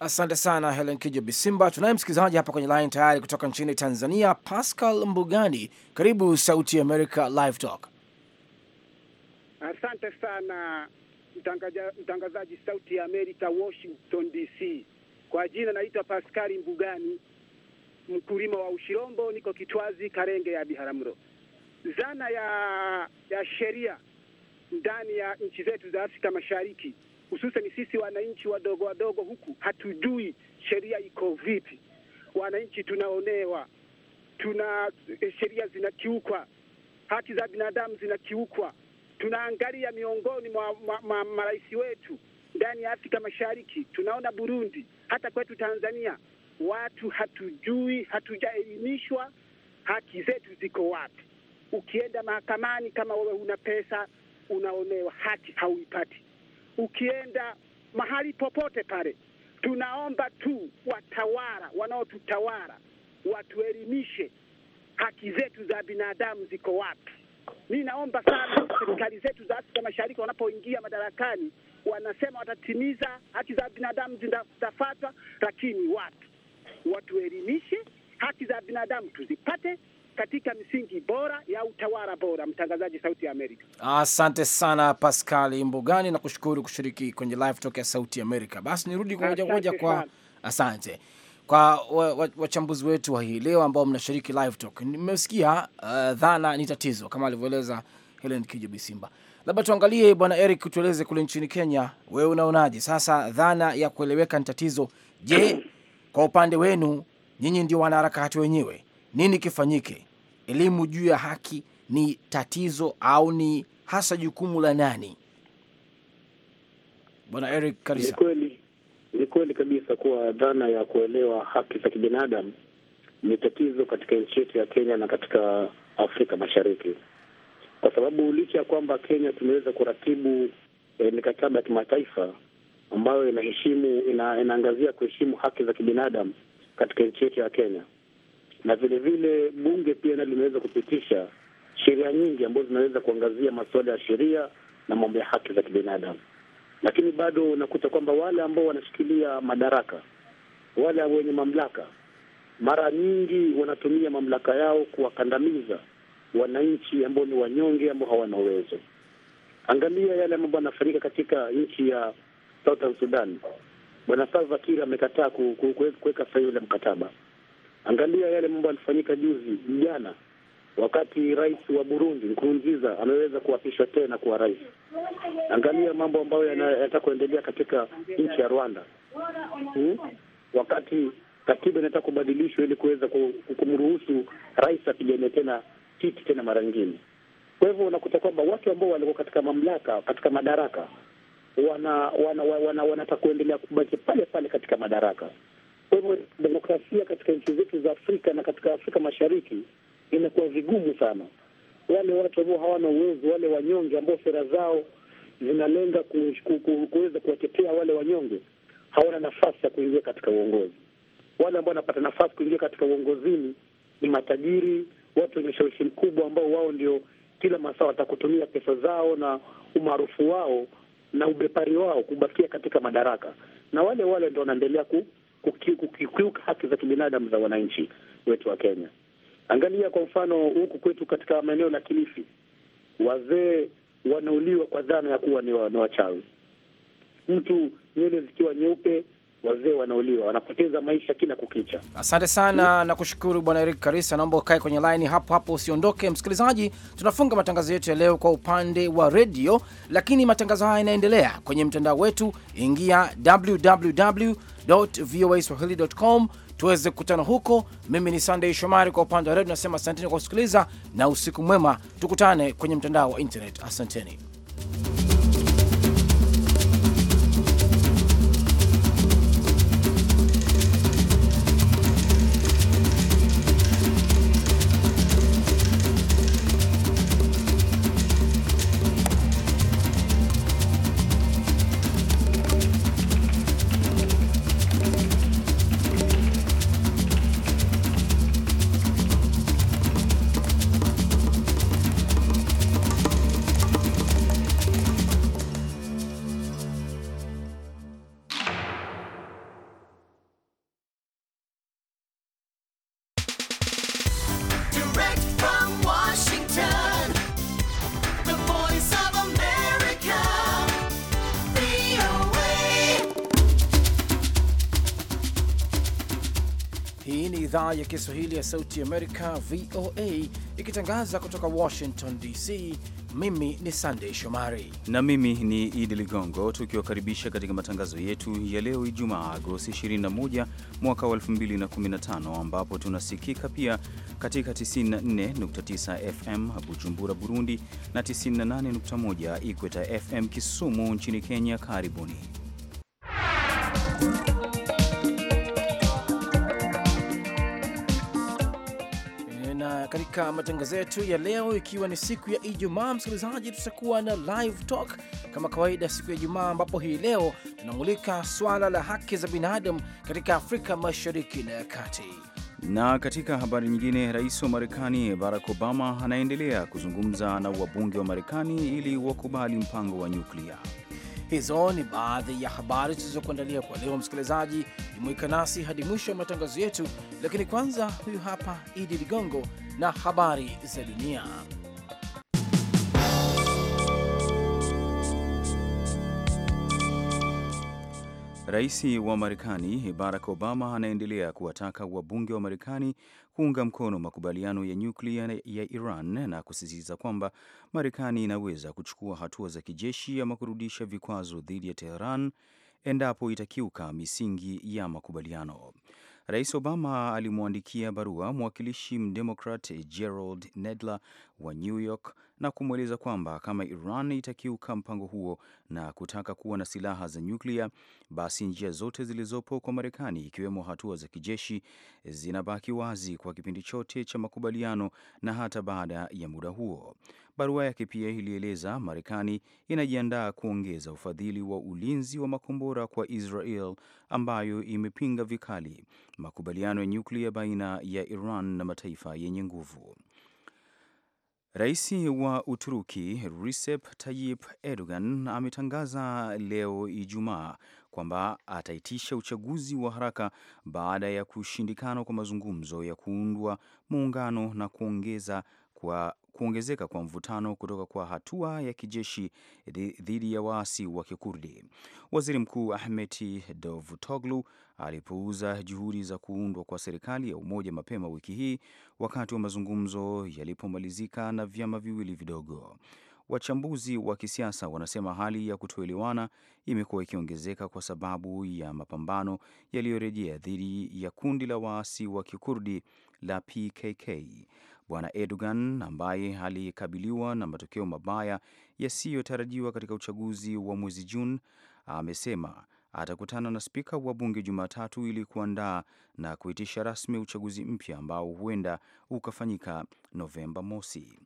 Asante sana Helen Kijo Bisimba. Tunaye msikilizaji hapa kwenye line tayari kutoka nchini Tanzania, Pascal Mbugani, karibu Sauti ya America Live Talk. Asante sana mtangazaji Sauti ya America Washington DC. Kwa jina naitwa paskari Mbugani, mkulima wa Ushirombo, niko Kitwazi Karenge ya Biharamulo. Zana ya ya sheria ndani ya nchi zetu za Afrika Mashariki hususani sisi wananchi wadogo wadogo huku hatujui sheria iko vipi. Wananchi tunaonewa, tuna eh, sheria zinakiukwa, haki za binadamu zinakiukwa. Tunaangalia miongoni mwa, ma, ma, marais wetu ndani ya Afrika Mashariki, tunaona Burundi, hata kwetu Tanzania watu hatujui, hatujaelimishwa haki zetu ziko wapi. Ukienda mahakamani, kama wewe una pesa, unaonewa, haki hauipati ukienda mahali popote pale, tunaomba tu watawala wanaotutawala watuelimishe haki zetu za binadamu ziko wapi. Mi naomba sana serikali zetu za Afrika Mashariki wanapoingia madarakani, wanasema watatimiza haki za binadamu zitafatwa lakini watu watuelimishe haki za binadamu tuzipate katika misingi bora ya utawala bora. Mtangazaji Sauti ya Amerika, asante sana Pascal Mbugani na kushukuru kushiriki kwenye live talk ya Sauti ya Amerika. Basi nirudi kwa moja kwa moja kwa asante kwa wachambuzi wa, wa wetu wa hii leo ambao mnashiriki live talk. Nimesikia uh, dhana ni tatizo kama alivyoeleza Helen Kijobi Simba. Labda tuangalie bwana Eric, tueleze kule nchini Kenya, wewe unaonaje sasa dhana ya kueleweka ni tatizo? Je, kwa upande wenu nyinyi ndio wanaharakati wenyewe, nini kifanyike? elimu juu ya haki ni tatizo au ni hasa jukumu la nani? Bwana Eric Karisa. Ni kweli, ni kweli kabisa kuwa dhana ya kuelewa haki za kibinadamu ni tatizo katika nchi yetu ya Kenya na katika Afrika Mashariki, kwa sababu licha ya kwamba Kenya tumeweza kuratibu eh, mikataba ya kimataifa ambayo inaheshimu ina, inaangazia kuheshimu haki za kibinadamu katika nchi yetu ya Kenya, na vile vile bunge pia nalo limeweza kupitisha sheria nyingi ambazo zinaweza kuangazia masuala ya sheria na mambo ya haki za kibinadamu, lakini bado unakuta kwamba wale ambao wanashikilia madaraka, wale wenye mamlaka, mara nyingi wanatumia mamlaka yao kuwakandamiza wananchi ambao ni wanyonge, ambao hawana uwezo. Angalia yale ambayo yanafanyika katika nchi ya South Sudan. Bwana Salva Kiir amekataa kuweka sahihi ule mkataba Angalia yale mambo yalifanyika juzi jana, wakati rais wa Burundi Nkurunziza ameweza kuapishwa tena kuwa rais. Angalia mambo ambayo yanataka kuendelea katika nchi ya Rwanda hmm? wakati katiba inataka kubadilishwa ili kuweza kumruhusu rais apigane tena kiti tena mara nyingine. Kwa hivyo unakuta kwamba watu ambao walikuwa katika mamlaka, katika madaraka, wanataka wana, wana, wana, wana kuendelea kubaki pale pale katika madaraka kusema demokrasia katika nchi zetu za Afrika na katika Afrika Mashariki imekuwa vigumu sana. Wale watu ambao hawana uwezo, wale wanyonge ambao sera zao zinalenga kuweza kuwatetea wale wanyonge, hawana nafasi ya kuingia katika uongozi. Wale ambao wanapata nafasi kuingia katika uongozini ni matajiri, watu wenye ushawishi mkubwa, ambao wao ndio kila masaa watakutumia pesa zao na umaarufu wao na ubepari wao kubakia katika madaraka, na wale wale ndo wanaendelea kukiuka haki za kibinadamu za wananchi wetu wa Kenya. Angalia kwa mfano huku kwetu katika maeneo la Kilifi, wazee wanauliwa kwa dhana ya kuwa ni wachawi, mtu nywele zikiwa nyeupe wazee wanauliwa, wanapoteza maisha kila kukicha. Asante sana na kushukuru Bwana Eric Karisa, naomba ukae kwenye laini hapo hapo, usiondoke. Msikilizaji, tunafunga matangazo yetu ya leo kwa upande wa redio, lakini matangazo haya yanaendelea kwenye mtandao wetu. Ingia swahili.com tuweze kukutana huko. Mimi ni sandey Shomari kwa upande wa redio, nasema asanteni kwa kusikiliza na usiku mwema, tukutane kwenye mtandao wa internet. Asanteni. idhaa ya Kiswahili ya Sauti Amerika, VOA, ikitangaza kutoka Washington DC. Mimi ni Sandey Shomari na mimi ni Idi Ligongo, tukiwakaribisha katika matangazo yetu ya leo Ijumaa Agosti 21 mwaka wa 2015, ambapo tunasikika pia katika 94.9 FM Bujumbura, Burundi na 98.1 Ikweta FM Kisumu nchini Kenya. Karibuni na katika matangazo yetu ya leo, ikiwa ni siku ya Ijumaa, msikilizaji, tutakuwa na live talk kama kawaida siku ya Ijumaa, ambapo hii leo tunamulika swala la haki za binadamu katika Afrika Mashariki na ya Kati. Na katika habari nyingine, rais wa Marekani Barack Obama anaendelea kuzungumza na wabunge wa Marekani ili wakubali mpango wa nyuklia. Hizo ni baadhi ya habari zilizokuandalia kwa leo. Msikilizaji, jumuika nasi hadi mwisho wa matangazo yetu, lakini kwanza, huyu hapa Idi Ligongo na habari za dunia. Rais wa Marekani Barack Obama anaendelea kuwataka wabunge wa Marekani kuunga mkono makubaliano ya nyuklia ya Iran na kusisitiza kwamba Marekani inaweza kuchukua hatua za kijeshi ama kurudisha vikwazo dhidi ya Teheran endapo itakiuka misingi ya makubaliano. Rais Obama alimwandikia barua mwakilishi mdemokrat Gerald Nedler wa New York na kumweleza kwamba kama Iran itakiuka mpango huo na kutaka kuwa na silaha za nyuklia, basi njia zote zilizopo kwa Marekani, ikiwemo hatua za kijeshi, zinabaki wazi kwa kipindi chote cha makubaliano na hata baada ya muda huo. Barua yake pia ilieleza Marekani inajiandaa kuongeza ufadhili wa ulinzi wa makombora kwa Israel ambayo imepinga vikali makubaliano ya nyuklia baina ya Iran na mataifa yenye nguvu. Rais wa Uturuki Recep Tayyip Erdogan ametangaza leo Ijumaa kwamba ataitisha uchaguzi wa haraka baada ya kushindikana kwa mazungumzo ya kuundwa muungano na kuongeza kwa kuongezeka kwa mvutano kutoka kwa hatua ya kijeshi dhidi ya waasi wa Kikurdi. Waziri Mkuu Ahmet Davutoglu alipuuza juhudi za kuundwa kwa serikali ya umoja mapema wiki hii wakati wa mazungumzo yalipomalizika na vyama viwili vidogo. Wachambuzi wa kisiasa wanasema hali ya kutoelewana imekuwa ikiongezeka kwa sababu ya mapambano yaliyorejea dhidi ya kundi la waasi wa kikurdi la PKK. Bwana Erdogan ambaye alikabiliwa na matokeo mabaya yasiyotarajiwa katika uchaguzi wa mwezi Juni amesema atakutana na spika wa bunge Jumatatu ili kuandaa na kuitisha rasmi uchaguzi mpya ambao huenda ukafanyika Novemba mosi.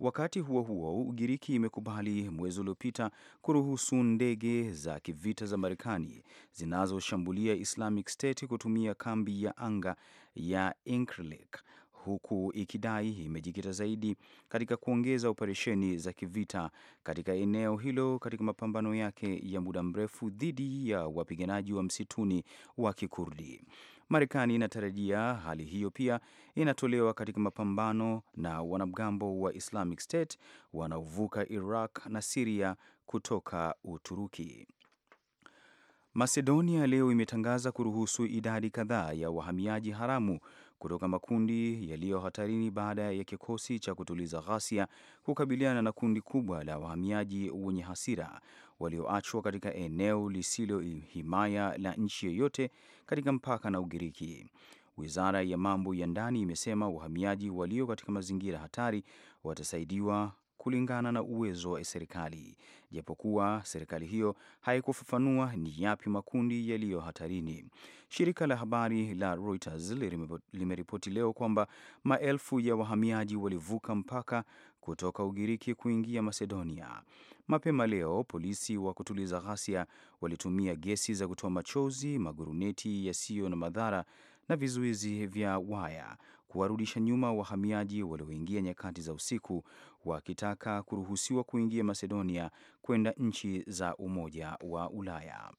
Wakati huo huo, Ugiriki imekubali mwezi uliopita kuruhusu ndege za kivita za Marekani zinazoshambulia Islamic State kutumia kambi ya anga ya Incirlik huku ikidai imejikita zaidi katika kuongeza operesheni za kivita katika eneo hilo katika mapambano yake ya muda mrefu dhidi ya wapiganaji wa msituni wa Kikurdi. Marekani inatarajia hali hiyo pia inatolewa katika mapambano na wanamgambo wa Islamic State wanaovuka Iraq na Siria kutoka Uturuki. Macedonia leo imetangaza kuruhusu idadi kadhaa ya wahamiaji haramu kutoka makundi yaliyo hatarini baada ya kikosi cha kutuliza ghasia kukabiliana na kundi kubwa la wahamiaji wenye hasira walioachwa katika eneo lisilo himaya la nchi yoyote katika mpaka na Ugiriki. Wizara ya mambo ya ndani imesema wahamiaji walio katika mazingira hatari watasaidiwa kulingana na uwezo wa serikali, japokuwa serikali hiyo haikufafanua ni yapi makundi yaliyo hatarini. Shirika la habari la Reuters limeripoti leo kwamba maelfu ya wahamiaji walivuka mpaka kutoka Ugiriki kuingia Macedonia. Mapema leo polisi wa kutuliza ghasia walitumia gesi za kutoa machozi, maguruneti yasiyo na madhara na vizuizi vya waya kuwarudisha nyuma wahamiaji walioingia nyakati za usiku wakitaka kuruhusiwa kuingia Macedonia kwenda nchi za Umoja wa Ulaya.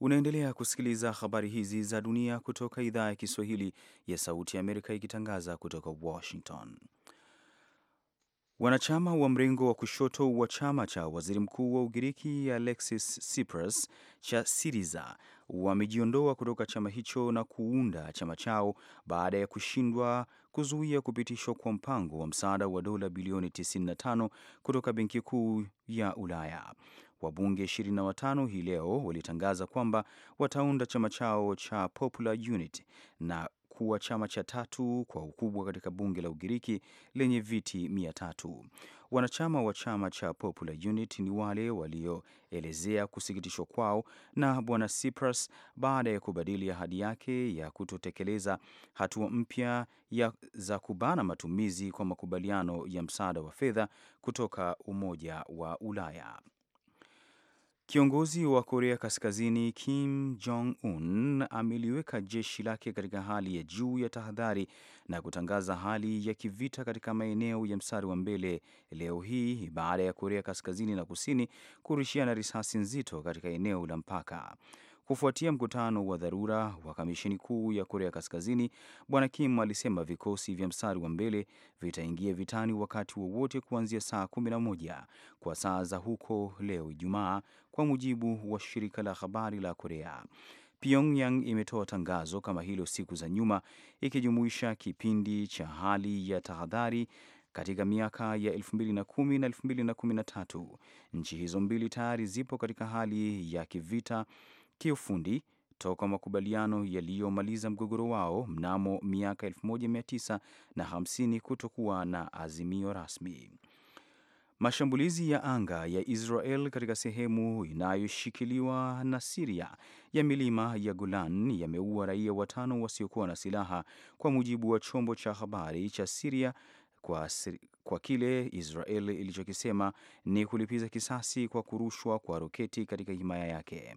Unaendelea kusikiliza habari hizi za dunia kutoka idhaa ya Kiswahili ya Sauti ya Amerika ikitangaza kutoka Washington. Wanachama wa mrengo wa kushoto wa chama cha waziri mkuu wa Ugiriki Alexis Tsipras cha Siriza wamejiondoa kutoka chama hicho na kuunda chama chao baada ya kushindwa kuzuia kupitishwa kwa mpango wa msaada wa dola bilioni 95 kutoka Benki Kuu ya Ulaya. Wabunge 25 hii leo walitangaza kwamba wataunda chama chao cha Popular Unity na kuwa chama cha tatu kwa ukubwa katika bunge la Ugiriki lenye viti mia tatu. Wanachama wa chama cha Popular Unit ni wale walioelezea kusikitishwa kwao na bwana Tsipras baada ya kubadili ahadi yake ya kutotekeleza hatua mpya za kubana matumizi kwa makubaliano ya msaada wa fedha kutoka Umoja wa Ulaya. Kiongozi wa Korea Kaskazini Kim Jong Un ameliweka jeshi lake katika hali ya juu ya tahadhari na kutangaza hali ya kivita katika maeneo ya mstari wa mbele leo hii baada ya Korea Kaskazini na Kusini kurushiana risasi nzito katika eneo la mpaka. Kufuatia mkutano wa dharura wa kamisheni kuu ya Korea Kaskazini, Bwana Kim alisema vikosi vya mstari wa mbele vitaingia vitani wakati wowote kuanzia saa 11 kwa saa za huko leo Ijumaa, kwa mujibu wa shirika la habari la Korea. Pyongyang imetoa tangazo kama hilo siku za nyuma, ikijumuisha kipindi cha hali ya tahadhari katika miaka ya 2010 na 2013. Nchi hizo mbili tayari zipo katika hali ya kivita kiufundi toka makubaliano yaliyomaliza mgogoro wao mnamo miaka 1950 kutokuwa na azimio rasmi. Mashambulizi ya anga ya Israel katika sehemu inayoshikiliwa na Siria ya milima ya Golan yameua raia watano wasiokuwa na silaha kwa mujibu wa chombo cha habari cha Siria kwa, kwa kile Israel ilichokisema ni kulipiza kisasi kwa kurushwa kwa roketi katika himaya yake.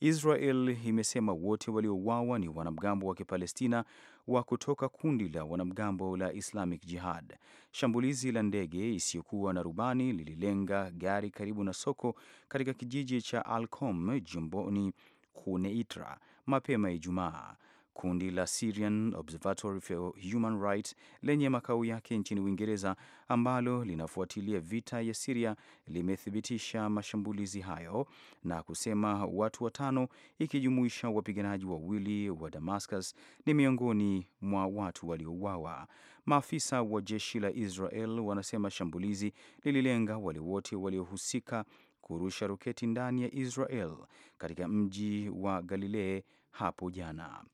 Israel imesema wote waliouawa ni wanamgambo wa Kipalestina wa kutoka kundi la wanamgambo la Islamic Jihad. Shambulizi la ndege isiyokuwa na rubani lililenga gari karibu na soko katika kijiji cha Alcom jimboni Kuneitra mapema Ijumaa. Kundi la Syrian Observatory for Human Rights lenye makao yake nchini Uingereza ambalo linafuatilia vita ya Siria limethibitisha mashambulizi hayo na kusema watu watano ikijumuisha wapiganaji wawili wa Damascus ni miongoni mwa watu waliouawa. Maafisa wa jeshi la Israel wanasema shambulizi lililenga wale wote waliohusika kurusha roketi ndani ya Israel katika mji wa Galilee hapo jana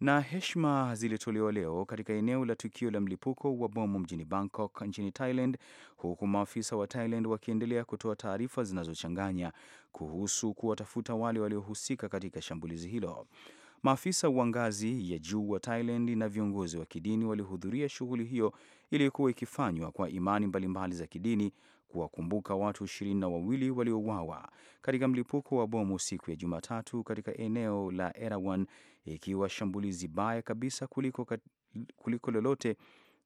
na heshima zilitolewa leo katika eneo la tukio la mlipuko wa bomu mjini Bangkok nchini Thailand, huku maafisa wa Thailand wakiendelea kutoa taarifa zinazochanganya kuhusu kuwatafuta wale waliohusika katika shambulizi hilo. Maafisa wa ngazi ya juu wa Thailand na viongozi wa kidini walihudhuria shughuli hiyo iliyokuwa ikifanywa kwa imani mbalimbali za kidini, kuwakumbuka watu ishirini na wawili waliouawa katika mlipuko wa bomu siku ya Jumatatu katika eneo la Erawan, ikiwa shambulizi baya kabisa kuliko, kat... kuliko lolote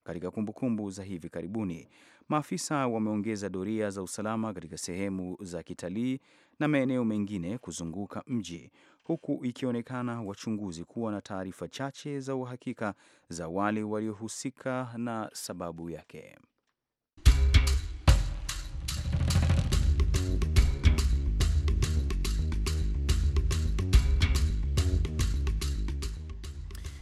katika kumbukumbu za hivi karibuni. Maafisa wameongeza doria za usalama katika sehemu za kitalii na maeneo mengine kuzunguka mji, huku ikionekana wachunguzi kuwa na taarifa chache za uhakika za wale waliohusika na sababu yake.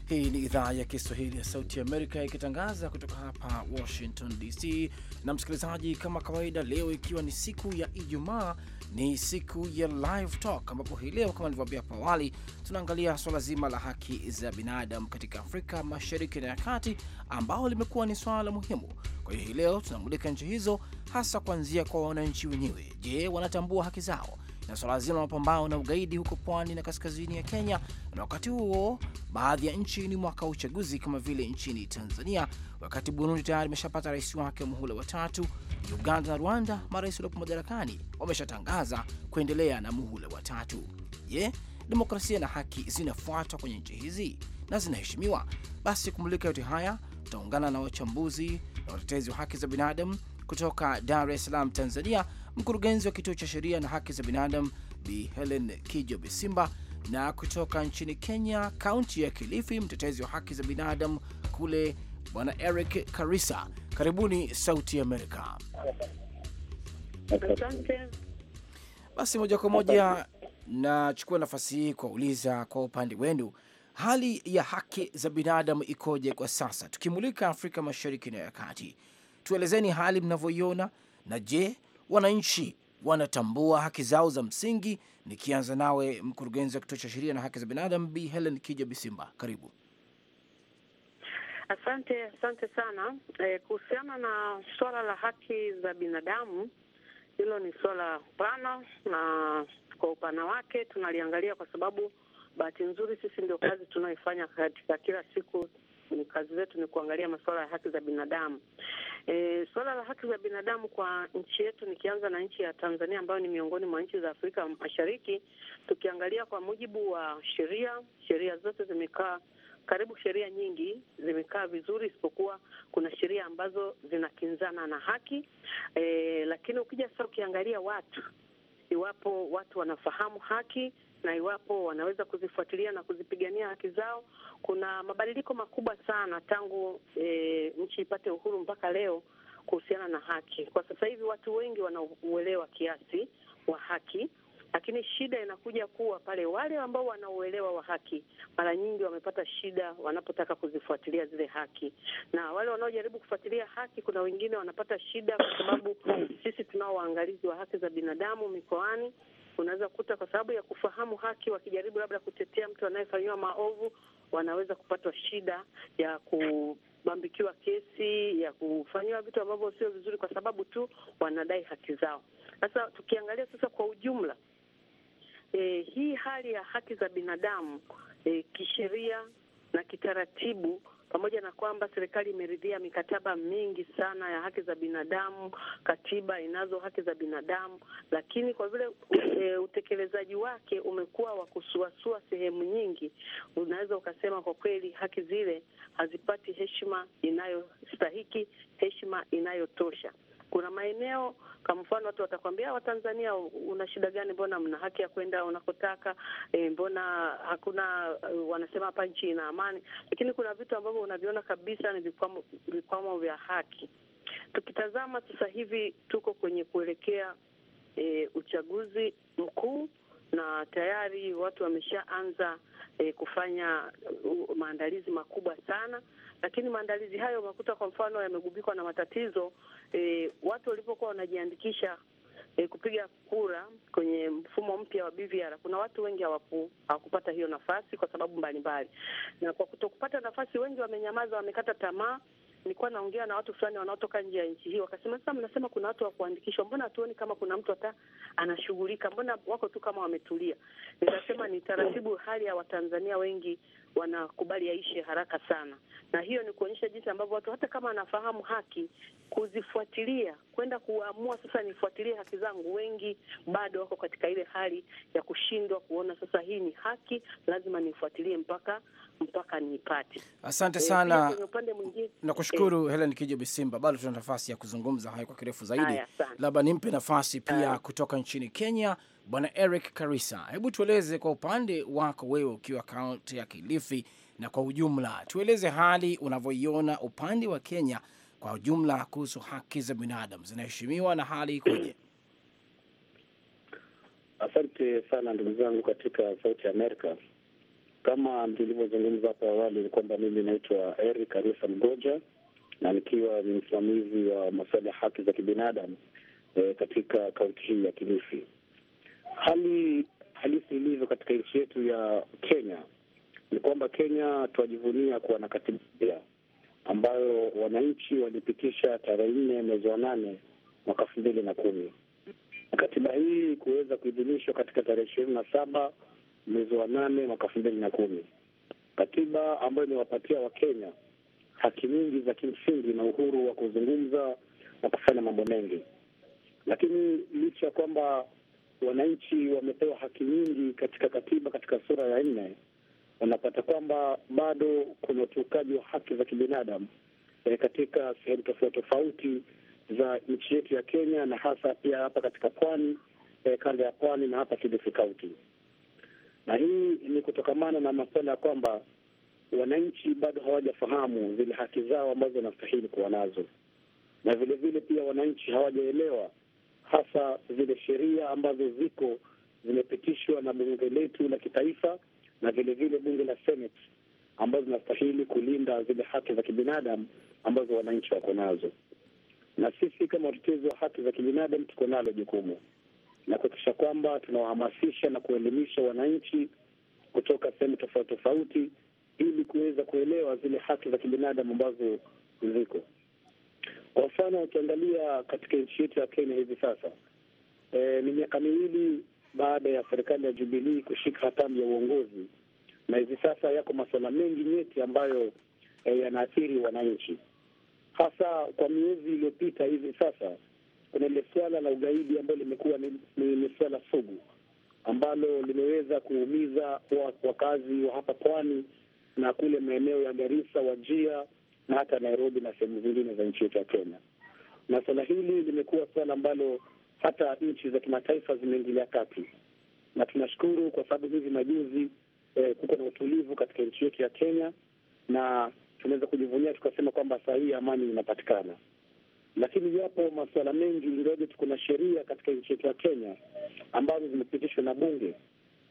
Hii ni idhaa ya Kiswahili ya Sauti Amerika ikitangaza kutoka hapa Washington DC. Na msikilizaji, kama kawaida, leo ikiwa ni siku ya Ijumaa, ni siku ya Live Talk, ambapo hii leo kama nilivyoambia hapo awali, tunaangalia swala zima la haki za binadamu katika Afrika Mashariki na ya Kati, ambao limekuwa ni swala muhimu. Kwa hiyo hii leo tunamulika nchi hizo, hasa kuanzia kwa wananchi wenyewe. Je, wanatambua haki zao? na suala zima la mapambano na ugaidi huko pwani na kaskazini ya Kenya. Na wakati huo baadhi ya nchi ni mwaka wa uchaguzi kama vile nchini Tanzania, wakati Burundi tayari imeshapata rais wake muhula watatu. Uganda na Rwanda, marais waliopo madarakani, wameshatangaza kuendelea na muhula watatu. Je, demokrasia na haki zinafuatwa kwenye nchi hizi na zinaheshimiwa? Basi kumulika yote haya tutaungana na wachambuzi na watetezi wa haki za binadamu kutoka Dar es Salaam, Tanzania, mkurugenzi wa kituo cha sheria na haki za binadamu Bi Helen Kijo Bisimba, na kutoka nchini Kenya, kaunti ya Kilifi, mtetezi wa haki za binadamu kule Bwana Eric Karisa. Karibuni Sauti ya Amerika. Basi moja kwa moja nachukua nafasi hii kuwauliza kwa upande wenu, hali ya haki za binadamu ikoje kwa sasa, tukimulika Afrika Mashariki na ya Kati? Tuelezeni hali mnavyoiona, na je, wananchi wanatambua haki zao za msingi. Nikianza nawe mkurugenzi wa kituo cha sheria na haki za binadamu, Bi Helen Kija Bisimba, karibu. Asante, asante sana. E, kuhusiana na suala la haki za binadamu, hilo ni suala pana, na kwa upana wake tunaliangalia kwa sababu bahati nzuri sisi ndio kazi tunaoifanya katika kila siku kazi zetu ni kuangalia masuala ya haki za binadamu. E, suala la haki za binadamu kwa nchi yetu, nikianza na nchi ya Tanzania ambayo ni miongoni mwa nchi za Afrika Mashariki, tukiangalia kwa mujibu wa sheria, sheria zote zimekaa karibu sheria nyingi zimekaa vizuri, isipokuwa kuna sheria ambazo zinakinzana na haki e, lakini ukija sasa ukiangalia watu, iwapo watu wanafahamu haki na iwapo wanaweza kuzifuatilia na kuzipigania haki zao. Kuna mabadiliko makubwa sana tangu e, nchi ipate uhuru mpaka leo kuhusiana na haki. Kwa sasa hivi watu wengi wanauelewa kiasi wa haki, lakini shida inakuja kuwa pale wale ambao wanauelewa wa haki mara nyingi wamepata shida wanapotaka kuzifuatilia zile haki, na wale wanaojaribu kufuatilia haki, kuna wengine wanapata shida, kwa sababu sisi tunao waangalizi wa haki za binadamu mikoani unaweza kukuta kwa sababu ya kufahamu haki, wakijaribu labda kutetea mtu anayefanyiwa maovu, wanaweza kupatwa shida ya kubambikiwa kesi, ya kufanyiwa vitu ambavyo sio vizuri, kwa sababu tu wanadai haki zao. Sasa tukiangalia sasa kwa ujumla e, hii hali ya haki za binadamu e, kisheria na kitaratibu pamoja na kwamba serikali imeridhia mikataba mingi sana ya haki za binadamu, katiba inazo haki za binadamu, lakini kwa vile e, utekelezaji wake umekuwa wa kusuasua sehemu nyingi, unaweza ukasema kwa kweli haki zile hazipati heshima inayostahiki, heshima inayotosha. Kuna maeneo kama mfano watu watakwambia Watanzania, una shida gani? Mbona mna haki ya kwenda unakotaka e, mbona hakuna uh, wanasema hapa nchi ina amani, lakini kuna vitu ambavyo unaviona kabisa ni vikwamo, vikwamo vya haki. Tukitazama sasa hivi tuko kwenye kuelekea e, uchaguzi mkuu na tayari watu wameshaanza e, kufanya uh, maandalizi makubwa sana, lakini maandalizi hayo unakuta kwa mfano yamegubikwa na matatizo e, watu walipokuwa wanajiandikisha e, kupiga kura kwenye mfumo mpya wa BVR, kuna watu wengi hawaku, hawakupata hiyo nafasi kwa sababu mbalimbali, na kwa kutokupata nafasi wengi wamenyamaza, wamekata tamaa nilikuwa naongea na watu fulani wanaotoka nje ya nchi hii, wakasema sasa, mnasema kuna watu wa kuandikishwa, mbona hatuoni kama kuna mtu hata anashughulika? Mbona wako tu kama wametulia? Nikasema ni taratibu, hali ya Watanzania wengi wanakubali aishe haraka sana, na hiyo ni kuonyesha jinsi ambavyo watu hata kama anafahamu haki, kuzifuatilia kwenda kuamua sasa nifuatilie haki zangu, wengi bado wako katika ile hali ya kushindwa kuona sasa hii ni haki, lazima nifuatilie mpaka mpaka niipate. Asante eh, sana e, nakushukuru e. Helen Kijo Bisimba, bado tuna nafasi ya kuzungumza hayo kwa kirefu zaidi, labda nimpe nafasi pia Aya. kutoka nchini Kenya Bwana Eric Karisa, hebu tueleze kwa upande wako wewe ukiwa kaunti ya Kilifi na kwa ujumla, tueleze hali unavyoiona upande wa Kenya kwa ujumla kuhusu haki za binadamu zinaheshimiwa na hali ikoje? Asante sana ndugu zangu katika Sauti ya Amerika. Kama nilivyozungumza hapo awali, ni kwamba mimi naitwa Eric Arisa Mgoja na nikiwa ni msimamizi wa masuala ya haki za kibinadamu e, katika kaunti hii ya Kilifi. Hali halisi ilivyo katika nchi yetu ya Kenya ni kwamba Kenya tuwajivunia kuwa na katiba mpya ambayo wananchi walipitisha tarehe nne mwezi wa nane mwaka elfu mbili na kumi. Katiba hii kuweza kuidhinishwa katika tarehe ishirini na saba mwezi wa nane mwaka elfu mbili na kumi. Katiba ambayo imewapatia Wakenya haki nyingi za kimsingi na uhuru wa kuzungumza na kufanya mambo mengi, lakini licha ya kwamba wananchi wamepewa haki nyingi katika katiba, katika sura ya nne, wanapata kwamba bado kuna ukiukaji wa haki za kibinadamu eh, katika sehemu tofauti tofauti za nchi yetu ya Kenya na hasa pia hapa katika pwani, eh, kanda ya pwani na hapa Kilifi Kaunti na hii ni kutokamana na masuala ya kwamba wananchi bado hawajafahamu zile haki zao ambazo wanastahili kuwa nazo, na vilevile pia wananchi hawajaelewa hasa zile sheria ambazo ziko zimepitishwa na bunge letu la kitaifa na vilevile bunge la Senate ambazo zinastahili kulinda zile haki za kibinadamu ambazo wananchi wako nazo, na sisi kama watetezi wa haki za kibinadamu tuko nalo jukumu na kuhakikisha kwamba tunawahamasisha na kuelimisha wananchi kutoka sehemu tofauti tofauti ili kuweza kuelewa zile haki za kibinadamu ambazo ziko. Kwa mfano, ukiangalia katika nchi yetu ya Kenya hivi sasa e, ni miaka miwili baada ya serikali ya Jubilii kushika hatamu ya uongozi, na hivi sasa yako masuala mengi nyeti ambayo e, yanaathiri wananchi, hasa kwa miezi iliyopita. Hivi sasa kuna lile suala la ugaidi ambalo limekuwa ni, ni, ni suala sugu ambalo limeweza kuumiza wakazi wa hapa pwani na kule maeneo ya Garissa, Wajia na hata Nairobi na sehemu zingine za nchi yetu ya Kenya. Na suala hili limekuwa suala ambalo hata nchi za kimataifa zimeingilia kati, na tunashukuru kwa sababu hivi majuzi eh, kuko na utulivu katika nchi yetu ya Kenya, na tunaweza kujivunia tukasema kwamba saa hii amani inapatikana lakini yapo masuala mengi, ingawaje tuko na sheria katika nchi yetu ya Kenya ambazo zimepitishwa na bunge,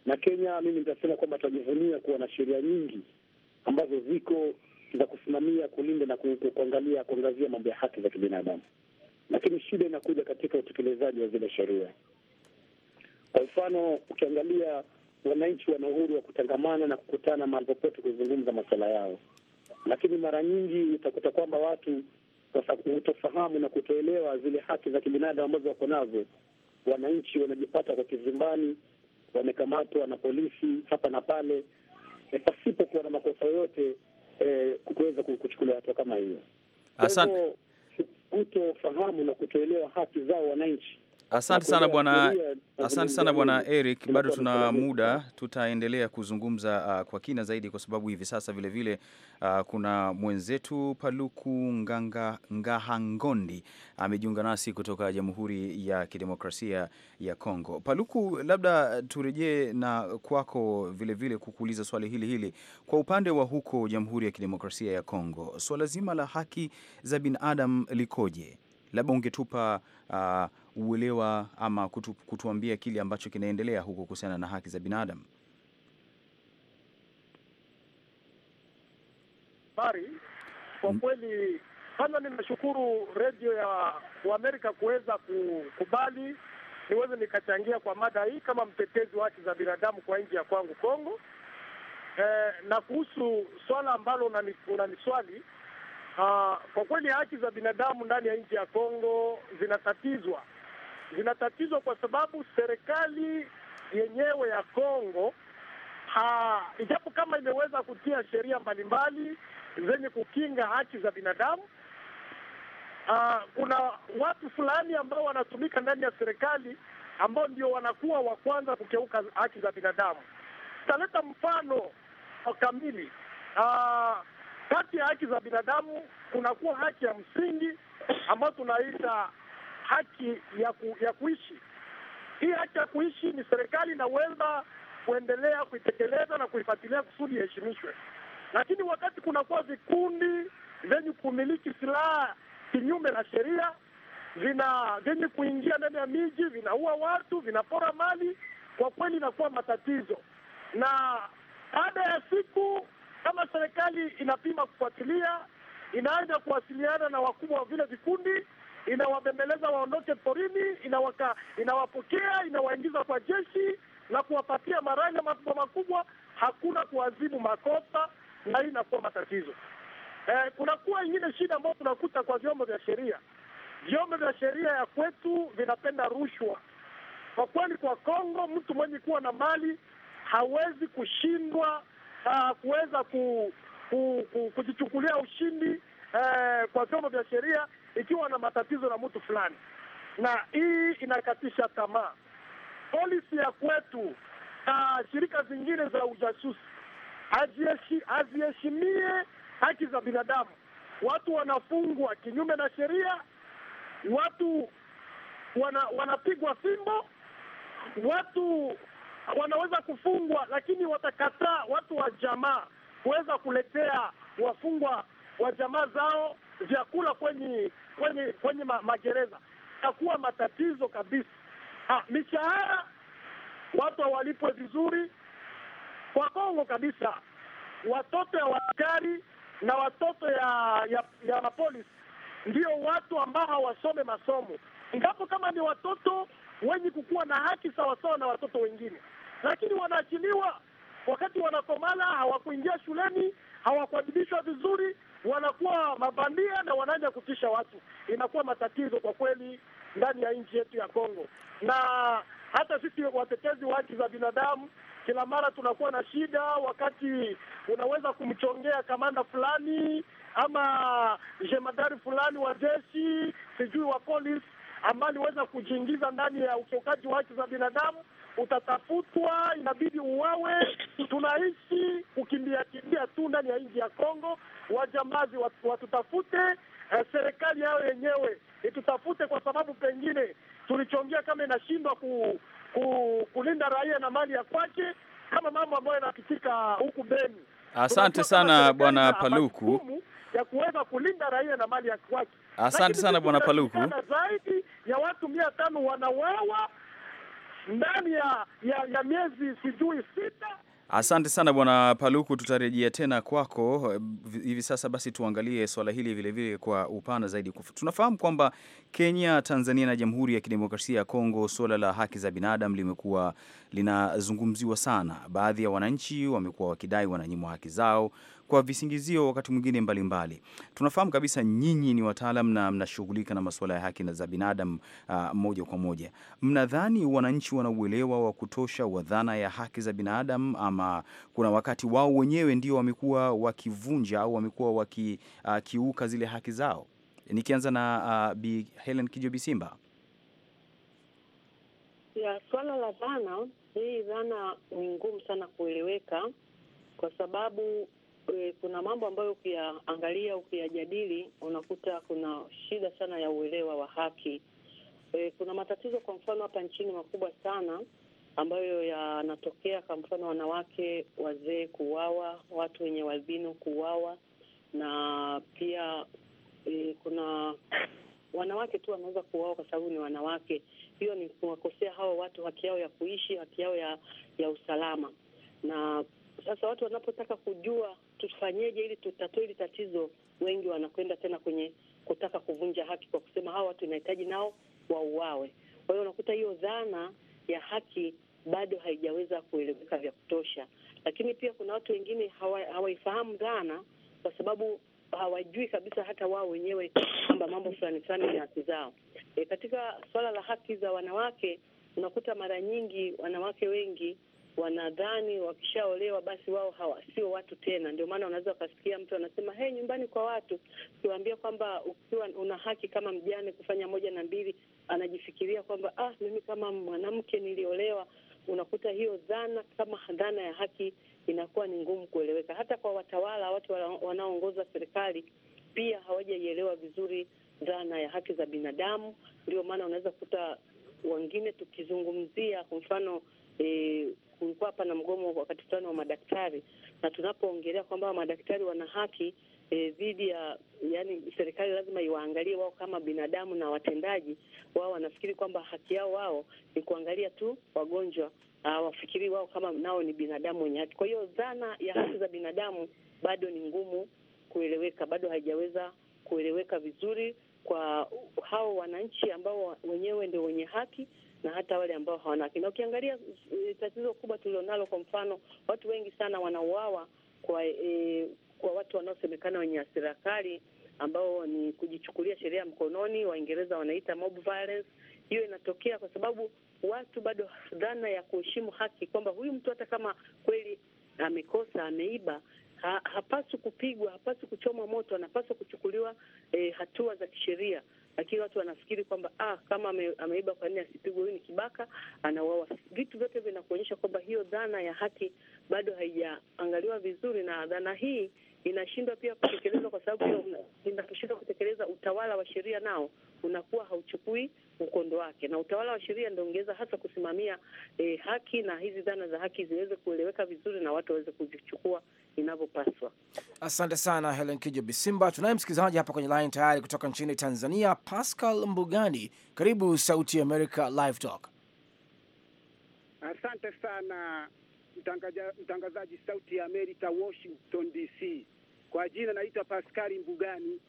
na Kenya, mimi nitasema kwamba tutajivunia kuwa na sheria nyingi ambazo ziko za kusimamia, kulinda na kuangalia, kuangazia mambo ya haki za kibinadamu, lakini shida inakuja katika utekelezaji wa zile sheria. Kwa mfano, ukiangalia wananchi wana uhuru wa kutangamana na kukutana mahali popote kuzungumza masuala yao, lakini mara nyingi utakuta kwamba watu kutofahamu na kutoelewa zile haki za kibinadamu ambazo wako nazo. Wananchi wanajipata kwa kizimbani, wamekamatwa na polisi hapa na pale pasipokuwa na makosa yoyote, e, kuweza kuchukulia hatua kama hiyo. Asante. Kutofahamu na kutoelewa haki zao wananchi. Asante sana bwana Asante sana Bwana Eric, bado tuna muda, tutaendelea kuzungumza uh, kwa kina zaidi, kwa sababu hivi sasa vilevile vile, uh, kuna mwenzetu Paluku Nganga, Ngahangondi amejiunga nasi kutoka Jamhuri ya Kidemokrasia ya Kongo. Paluku, labda turejee na kwako vilevile vile kukuuliza swali hili hili kwa upande wa huko Jamhuri ya Kidemokrasia ya Kongo, swala zima la haki za binadamu likoje? Labda ungetupa uh, uelewa ama kutu, kutuambia kile ambacho kinaendelea huko kuhusiana na haki za binadamu? Bari, kwa mm. kweli kwanza ninashukuru redio ya Amerika kuweza kukubali niweze nikachangia kwa mada hii kama mtetezi wa haki za binadamu kwa nchi ya kwangu Kongo. Eh, na kuhusu swala ambalo unaniswali una, uh, kwa kweli haki za binadamu ndani ya nchi ya Kongo zinatatizwa zina tatizo kwa sababu serikali yenyewe ya Kongo ha, ijapo kama imeweza kutia sheria mbalimbali zenye kukinga haki za binadamu ha, kuna watu fulani ambao wanatumika ndani ya serikali ambao ndio wanakuwa wa kwanza kukeuka haki za binadamu. Tutaleta mfano kamili ha, kati ya haki za binadamu kunakuwa haki ya msingi ambayo tunaita haki ya, ku, ya kuishi. Hii haki ya kuishi ni serikali inaweza kuendelea kuitekeleza na kuifuatilia kusudi iheshimishwe, lakini wakati kunakuwa vikundi vyenye kumiliki silaha kinyume na sheria vina vyenye kuingia ndani ya miji, vinaua watu, vinapora mali, kwa kweli inakuwa matatizo. Na baada ya siku, kama serikali inapima kufuatilia, inaanza kuwasiliana na wakubwa wa vile vikundi inawabembeleza waondoke porini, inawaka, inawapokea, inawaingiza kwa jeshi na kuwapatia marali makubwa makubwa, hakuna kuadhibu makosa, na hii inakuwa matatizo. Eh, kunakuwa ingine shida ambayo tunakuta kwa vyombo vya sheria. Vyombo vya sheria ya kwetu vinapenda rushwa. Kwa kweli, kwa Kongo mtu mwenye kuwa na mali hawezi kushindwa uh, kuweza ku, ku, ku, kujichukulia ushindi uh, kwa vyombo vya sheria ikiwa na matatizo na mtu fulani, na hii inakatisha tamaa. Polisi ya kwetu na shirika zingine za ujasusi haziheshimie haki za binadamu. Watu wanafungwa kinyume na sheria, watu wana, wanapigwa fimbo, watu wanaweza kufungwa, lakini watakataa watu wa jamaa kuweza kuletea wafungwa wa jamaa zao vyakula kwenye kwenye kwenye ma, magereza takuwa matatizo kabisa. Ha, mishahara watu hawalipwe vizuri kwa Kongo kabisa, watoto ya waskari na watoto ya ya, ya mapolisi ndio watu ambao hawasome masomo, ingapo kama ni watoto wenye kukuwa na haki sawasawa na watoto wengine, lakini wanaachiliwa wakati wanakomala, hawakuingia shuleni, hawakuadibishwa vizuri, wanakuwa mabandia na wanaanza kutisha watu. Inakuwa matatizo kwa kweli ndani ya nchi yetu ya Kongo, na hata sisi watetezi wa haki za binadamu kila mara tunakuwa na shida, wakati unaweza kumchongea kamanda fulani ama jemadari fulani wa jeshi, sijui wa polisi, ambaye aliweza kujiingiza ndani ya ukiukaji wa haki za binadamu utatafutwa, inabidi uwawe. Tunaishi kukimbia kimbia tu ndani ya nchi ya Kongo. Wajambazi watutafute, eh, serikali yao yenyewe itutafute, kwa sababu pengine tulichongea kama inashindwa ku, ku, kulinda raia na mali ya kwake, kama mambo ambayo yanapitika huku Beni. Asante sana bwana Paluku ya kuweza kulinda raia na mali ya kwake. Asante sana bwana Paluku. Zaidi ya watu mia tano wanawawa ndani ya, ya, ya miezi sijui sita. Asante sana Bwana Paluku, tutarejea tena kwako hivi sasa. Basi tuangalie swala hili vilevile vile kwa upana zaidi. Tunafahamu kwamba Kenya, Tanzania na Jamhuri ya Kidemokrasia ya Kongo, suala la haki za binadamu limekuwa linazungumziwa sana. Baadhi ya wananchi wamekuwa wakidai wananyimwa haki zao, kwa visingizio wakati mwingine mbalimbali. Tunafahamu kabisa nyinyi ni wataalam na mnashughulika na masuala ya haki za binadamu uh, moja kwa moja. Mnadhani wananchi wanauelewa wa kutosha wa dhana ya haki za binadamu, ama kuna wakati wao wenyewe ndio wamekuwa wakivunja au wamekuwa wakikiuka ah, uh, zile haki zao? Nikianza na uh, Bi Helen Kijo Bisimba. Ya, swala la dhana hii, dhana ni ngumu sana kueleweka, kwa sababu e, kuna mambo ambayo ukiyaangalia, ukiyajadili, unakuta kuna shida sana ya uelewa wa haki. E, kuna matatizo kwa mfano hapa nchini makubwa sana ambayo yanatokea kwa mfano, wanawake wazee kuuawa, watu wenye ualbino kuuawa, na pia e, kuna wanawake tu wanaweza kuuawa kwa sababu ni wanawake. Hiyo ni kuwakosea hawa watu haki yao ya kuishi, haki yao ya, ya usalama. Na sasa watu wanapotaka kujua tufanyeje ili tutatue hili tatizo, wengi wanakwenda tena kwenye kutaka kuvunja haki kwa kusema hawa watu inahitaji nao wauawe. Kwa hiyo unakuta hiyo dhana ya haki bado haijaweza kueleweka vya kutosha, lakini pia kuna watu wengine hawaifahamu hawa dhana kwa sababu hawajui kabisa hata wao wenyewe kwamba mambo fulani fulani ni haki zao. E, katika swala la haki za wanawake unakuta mara nyingi wanawake wengi wanadhani wakishaolewa basi wao hawa sio watu tena. Ndio maana unaweza ukasikia mtu anasema hey, nyumbani kwa watu. Ukiwaambia kwamba ukiwa una haki kama mjane kufanya moja na mbili, anajifikiria kwamba ah, mimi kama mwanamke niliolewa. Unakuta hiyo dhana kama dhana ya haki inakuwa ni ngumu kueleweka, hata kwa watawala, watu wanaoongoza serikali pia hawajaielewa vizuri dhana ya haki za binadamu. Ndio maana unaweza kukuta wengine tukizungumzia kwa mfano e, kulikuwa hapa na mgomo wakati fulani wa madaktari, na tunapoongelea kwamba madaktari wana haki eh, dhidi e, ya yani, serikali lazima iwaangalie wao kama binadamu na watendaji wao. Wanafikiri kwamba haki yao wao ni kuangalia tu wagonjwa, hawafikiri wao kama nao ni binadamu wenye haki. Kwa hiyo dhana ya haki za binadamu bado ni ngumu kueleweka, bado haijaweza kueleweka vizuri kwa hao wananchi ambao wenyewe ndio wenye haki na hata wale ambao hawana haki. Na ukiangalia eh, tatizo kubwa tulilonalo, kwa mfano, watu wengi sana wanauawa kwa e, kwa watu wanaosemekana wenye serikali ambao ni kujichukulia sheria mkononi, Waingereza wanaita mob violence. Hiyo inatokea kwa sababu watu bado dhana ya kuheshimu haki, kwamba huyu mtu hata kama kweli amekosa, ameiba ha, hapaswi kupigwa, hapaswi kuchomwa moto, anapaswa kuchukuliwa e, hatua za kisheria lakini watu wanafikiri kwamba ah, kama ame, ameiba kwa nini asipigwe? Huyu ni kibaka, anauawa. Vitu vyote vinakuonyesha kwamba hiyo dhana ya haki bado haijaangaliwa vizuri, na dhana hii inashindwa pia kutekelezwa kwa sababu inaposhindwa kutekeleza, utawala wa sheria nao unakuwa hauchukui mkondo wake, na utawala wa sheria ndio ungeweza hasa kusimamia eh, haki na hizi dhana za haki ziweze kueleweka vizuri na watu waweze kuzichukua inavyopaswa. Asante sana Helen Kijo Bisimba. Tunaye msikilizaji hapa kwenye line tayari kutoka nchini Tanzania, Pascal Mbugani, karibu Sauti ya America Live Talk. Asante sana mtangazaji Sauti ya America Washington DC. Kwa jina naitwa paskari Mbugani,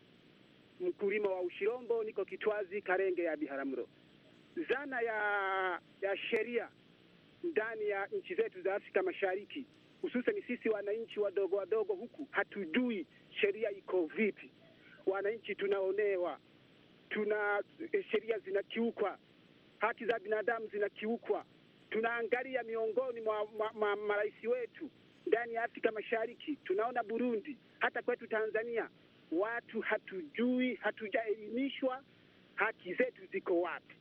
mkulima wa Ushirombo, niko Kitwazi Karenge ya Biharamulo. Zana ya ya sheria ndani ya nchi zetu za Afrika Mashariki hususani sisi wananchi wadogo wadogo huku hatujui sheria iko vipi. Wananchi tunaonewa, tuna eh, sheria zinakiukwa, haki za binadamu zinakiukwa. Tunaangalia miongoni mwa, ma, ma, marais wetu ndani ya Afrika Mashariki, tunaona Burundi, hata kwetu Tanzania watu hatujui, hatujaelimishwa haki zetu ziko wapi.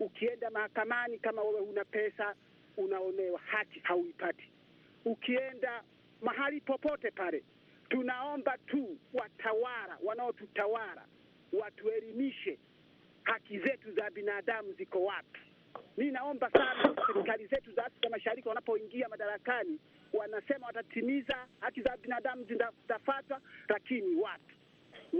Ukienda mahakamani, kama wewe una pesa, unaonewa, haki hauipati ukienda mahali popote pale, tunaomba tu watawala wanaotutawala watuelimishe haki zetu za binadamu ziko wapi. Mi naomba sana serikali zetu za Afrika Mashariki wanapoingia madarakani, wanasema watatimiza haki za binadamu zitafatwa lakini watu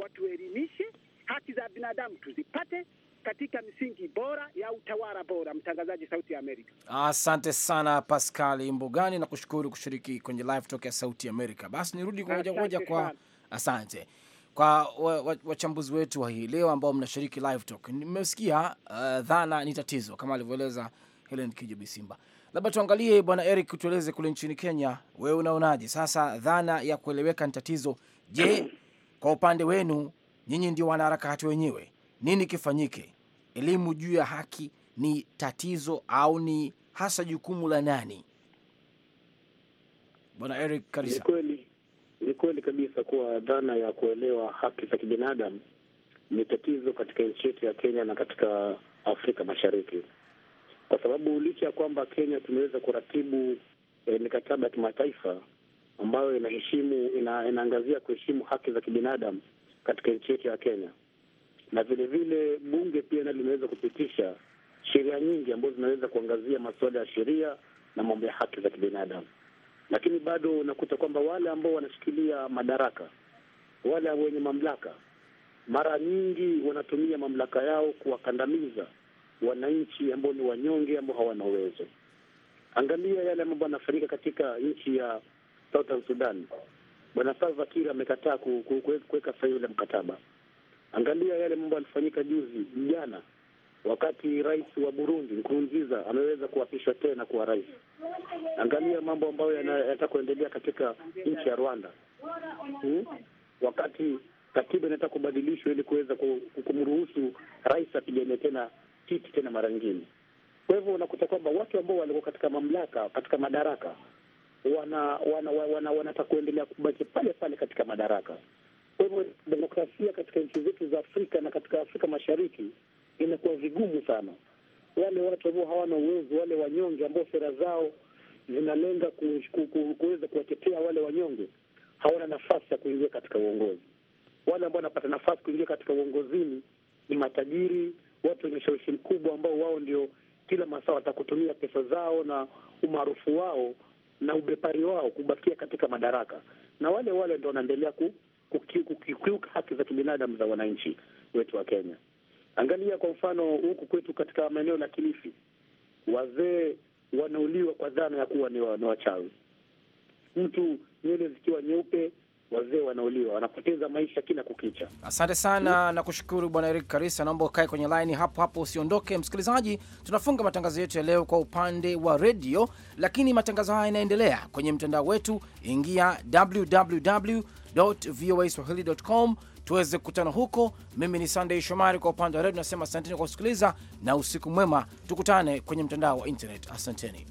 watuelimishe haki za binadamu tuzipate katika misingi bora ya utawala bora. Mtangazaji Sauti ya Amerika, asante sana Paskali Mbugani na kushukuru kushiriki kwenye live talk ya Sauti ya Amerika. Basi nirudi kwa moja kwa moja kwa asante kwa wachambuzi wa, wa wetu wa hii leo ambao mnashiriki live talk. Nimesikia uh, dhana ni tatizo kama alivyoeleza Helen Kijobi Simba. Labda tuangalie bwana Eric, tueleze kule nchini Kenya, wewe unaonaje sasa dhana ya kueleweka ni tatizo? Je, kwa upande wenu nyinyi ndio wanaharakati wenyewe, nini kifanyike? elimu juu ya haki ni tatizo au ni hasa jukumu la nani? Bwana Eric Karisa. Ni kweli, ni kweli kabisa kuwa dhana ya kuelewa haki za kibinadamu ni tatizo katika nchi yetu ya Kenya na katika Afrika Mashariki, kwa sababu licha ya kwamba Kenya tumeweza kuratibu eh, mikataba ya kimataifa ambayo inaheshimu ina, inaangazia kuheshimu haki za kibinadamu katika nchi yetu ya Kenya, na vile vile bunge pia nalo limeweza kupitisha sheria nyingi ambazo zinaweza kuangazia masuala ya sheria na mambo ya haki za kibinadamu, lakini bado unakuta kwamba wale ambao wanashikilia madaraka, wale wenye mamlaka, mara nyingi wanatumia mamlaka yao kuwakandamiza wananchi ambao ni wanyonge, ambao hawana uwezo. Angalia yale ambayo yanafanyika katika nchi ya Southern Sudan. Bwana Salva Kiir amekataa kuweka sahihi ule mkataba Angalia yale mambo yalifanyika juzi jana, wakati rais wa Burundi Nkurunziza ameweza kuapishwa tena kuwa rais. Angalia mambo ambayo yanataka kuendelea katika nchi ya Rwanda hmm? wakati katiba inataka kubadilishwa ili kuweza kumruhusu rais apiganie tena kiti tena mara nyingine. Kwa hivyo unakuta kwamba watu ambao walikuwa katika mamlaka, katika madaraka wanataka wana, wana, wana kuendelea kubaki pale pale katika madaraka. Kwa hivyo demokrasia katika nchi zetu za Afrika na katika Afrika Mashariki imekuwa vigumu sana. Wale watu ambao hawana uwezo, wale wanyonge ambao sera zao zinalenga kuweza kuwatetea wale wanyonge, hawana nafasi ya kuingia katika uongozi. Wale ambao wanapata nafasi kuingia katika uongozini ni matajiri, watu wenye ushawishi mkubwa, ambao wao ndio kila masaa watakutumia pesa zao na umaarufu wao na ubepari wao kubakia katika madaraka, na wale wale ndio wanaendelea ku kukiuka haki za kibinadamu za wananchi wetu wa Kenya. Angalia kwa mfano huku kwetu katika maeneo la Kilifi, wazee wanauliwa kwa dhana ya kuwa ni wachawi, mtu nywele zikiwa nyeupe wazee wanauliwa, wanapoteza maisha kila kukicha. Asante sana hmm. na kushukuru Bwana Eric Karisa. Naomba ukae kwenye laini hapo hapo, usiondoke msikilizaji. Tunafunga matangazo yetu ya leo kwa upande wa redio, lakini matangazo haya yanaendelea kwenye mtandao wetu. Ingia www voa swahili com tuweze kukutana huko. Mimi ni Sandey Shomari kwa upande wa redio, nasema asanteni kwa kusikiliza na usiku mwema, tukutane kwenye mtandao wa internet. Asanteni.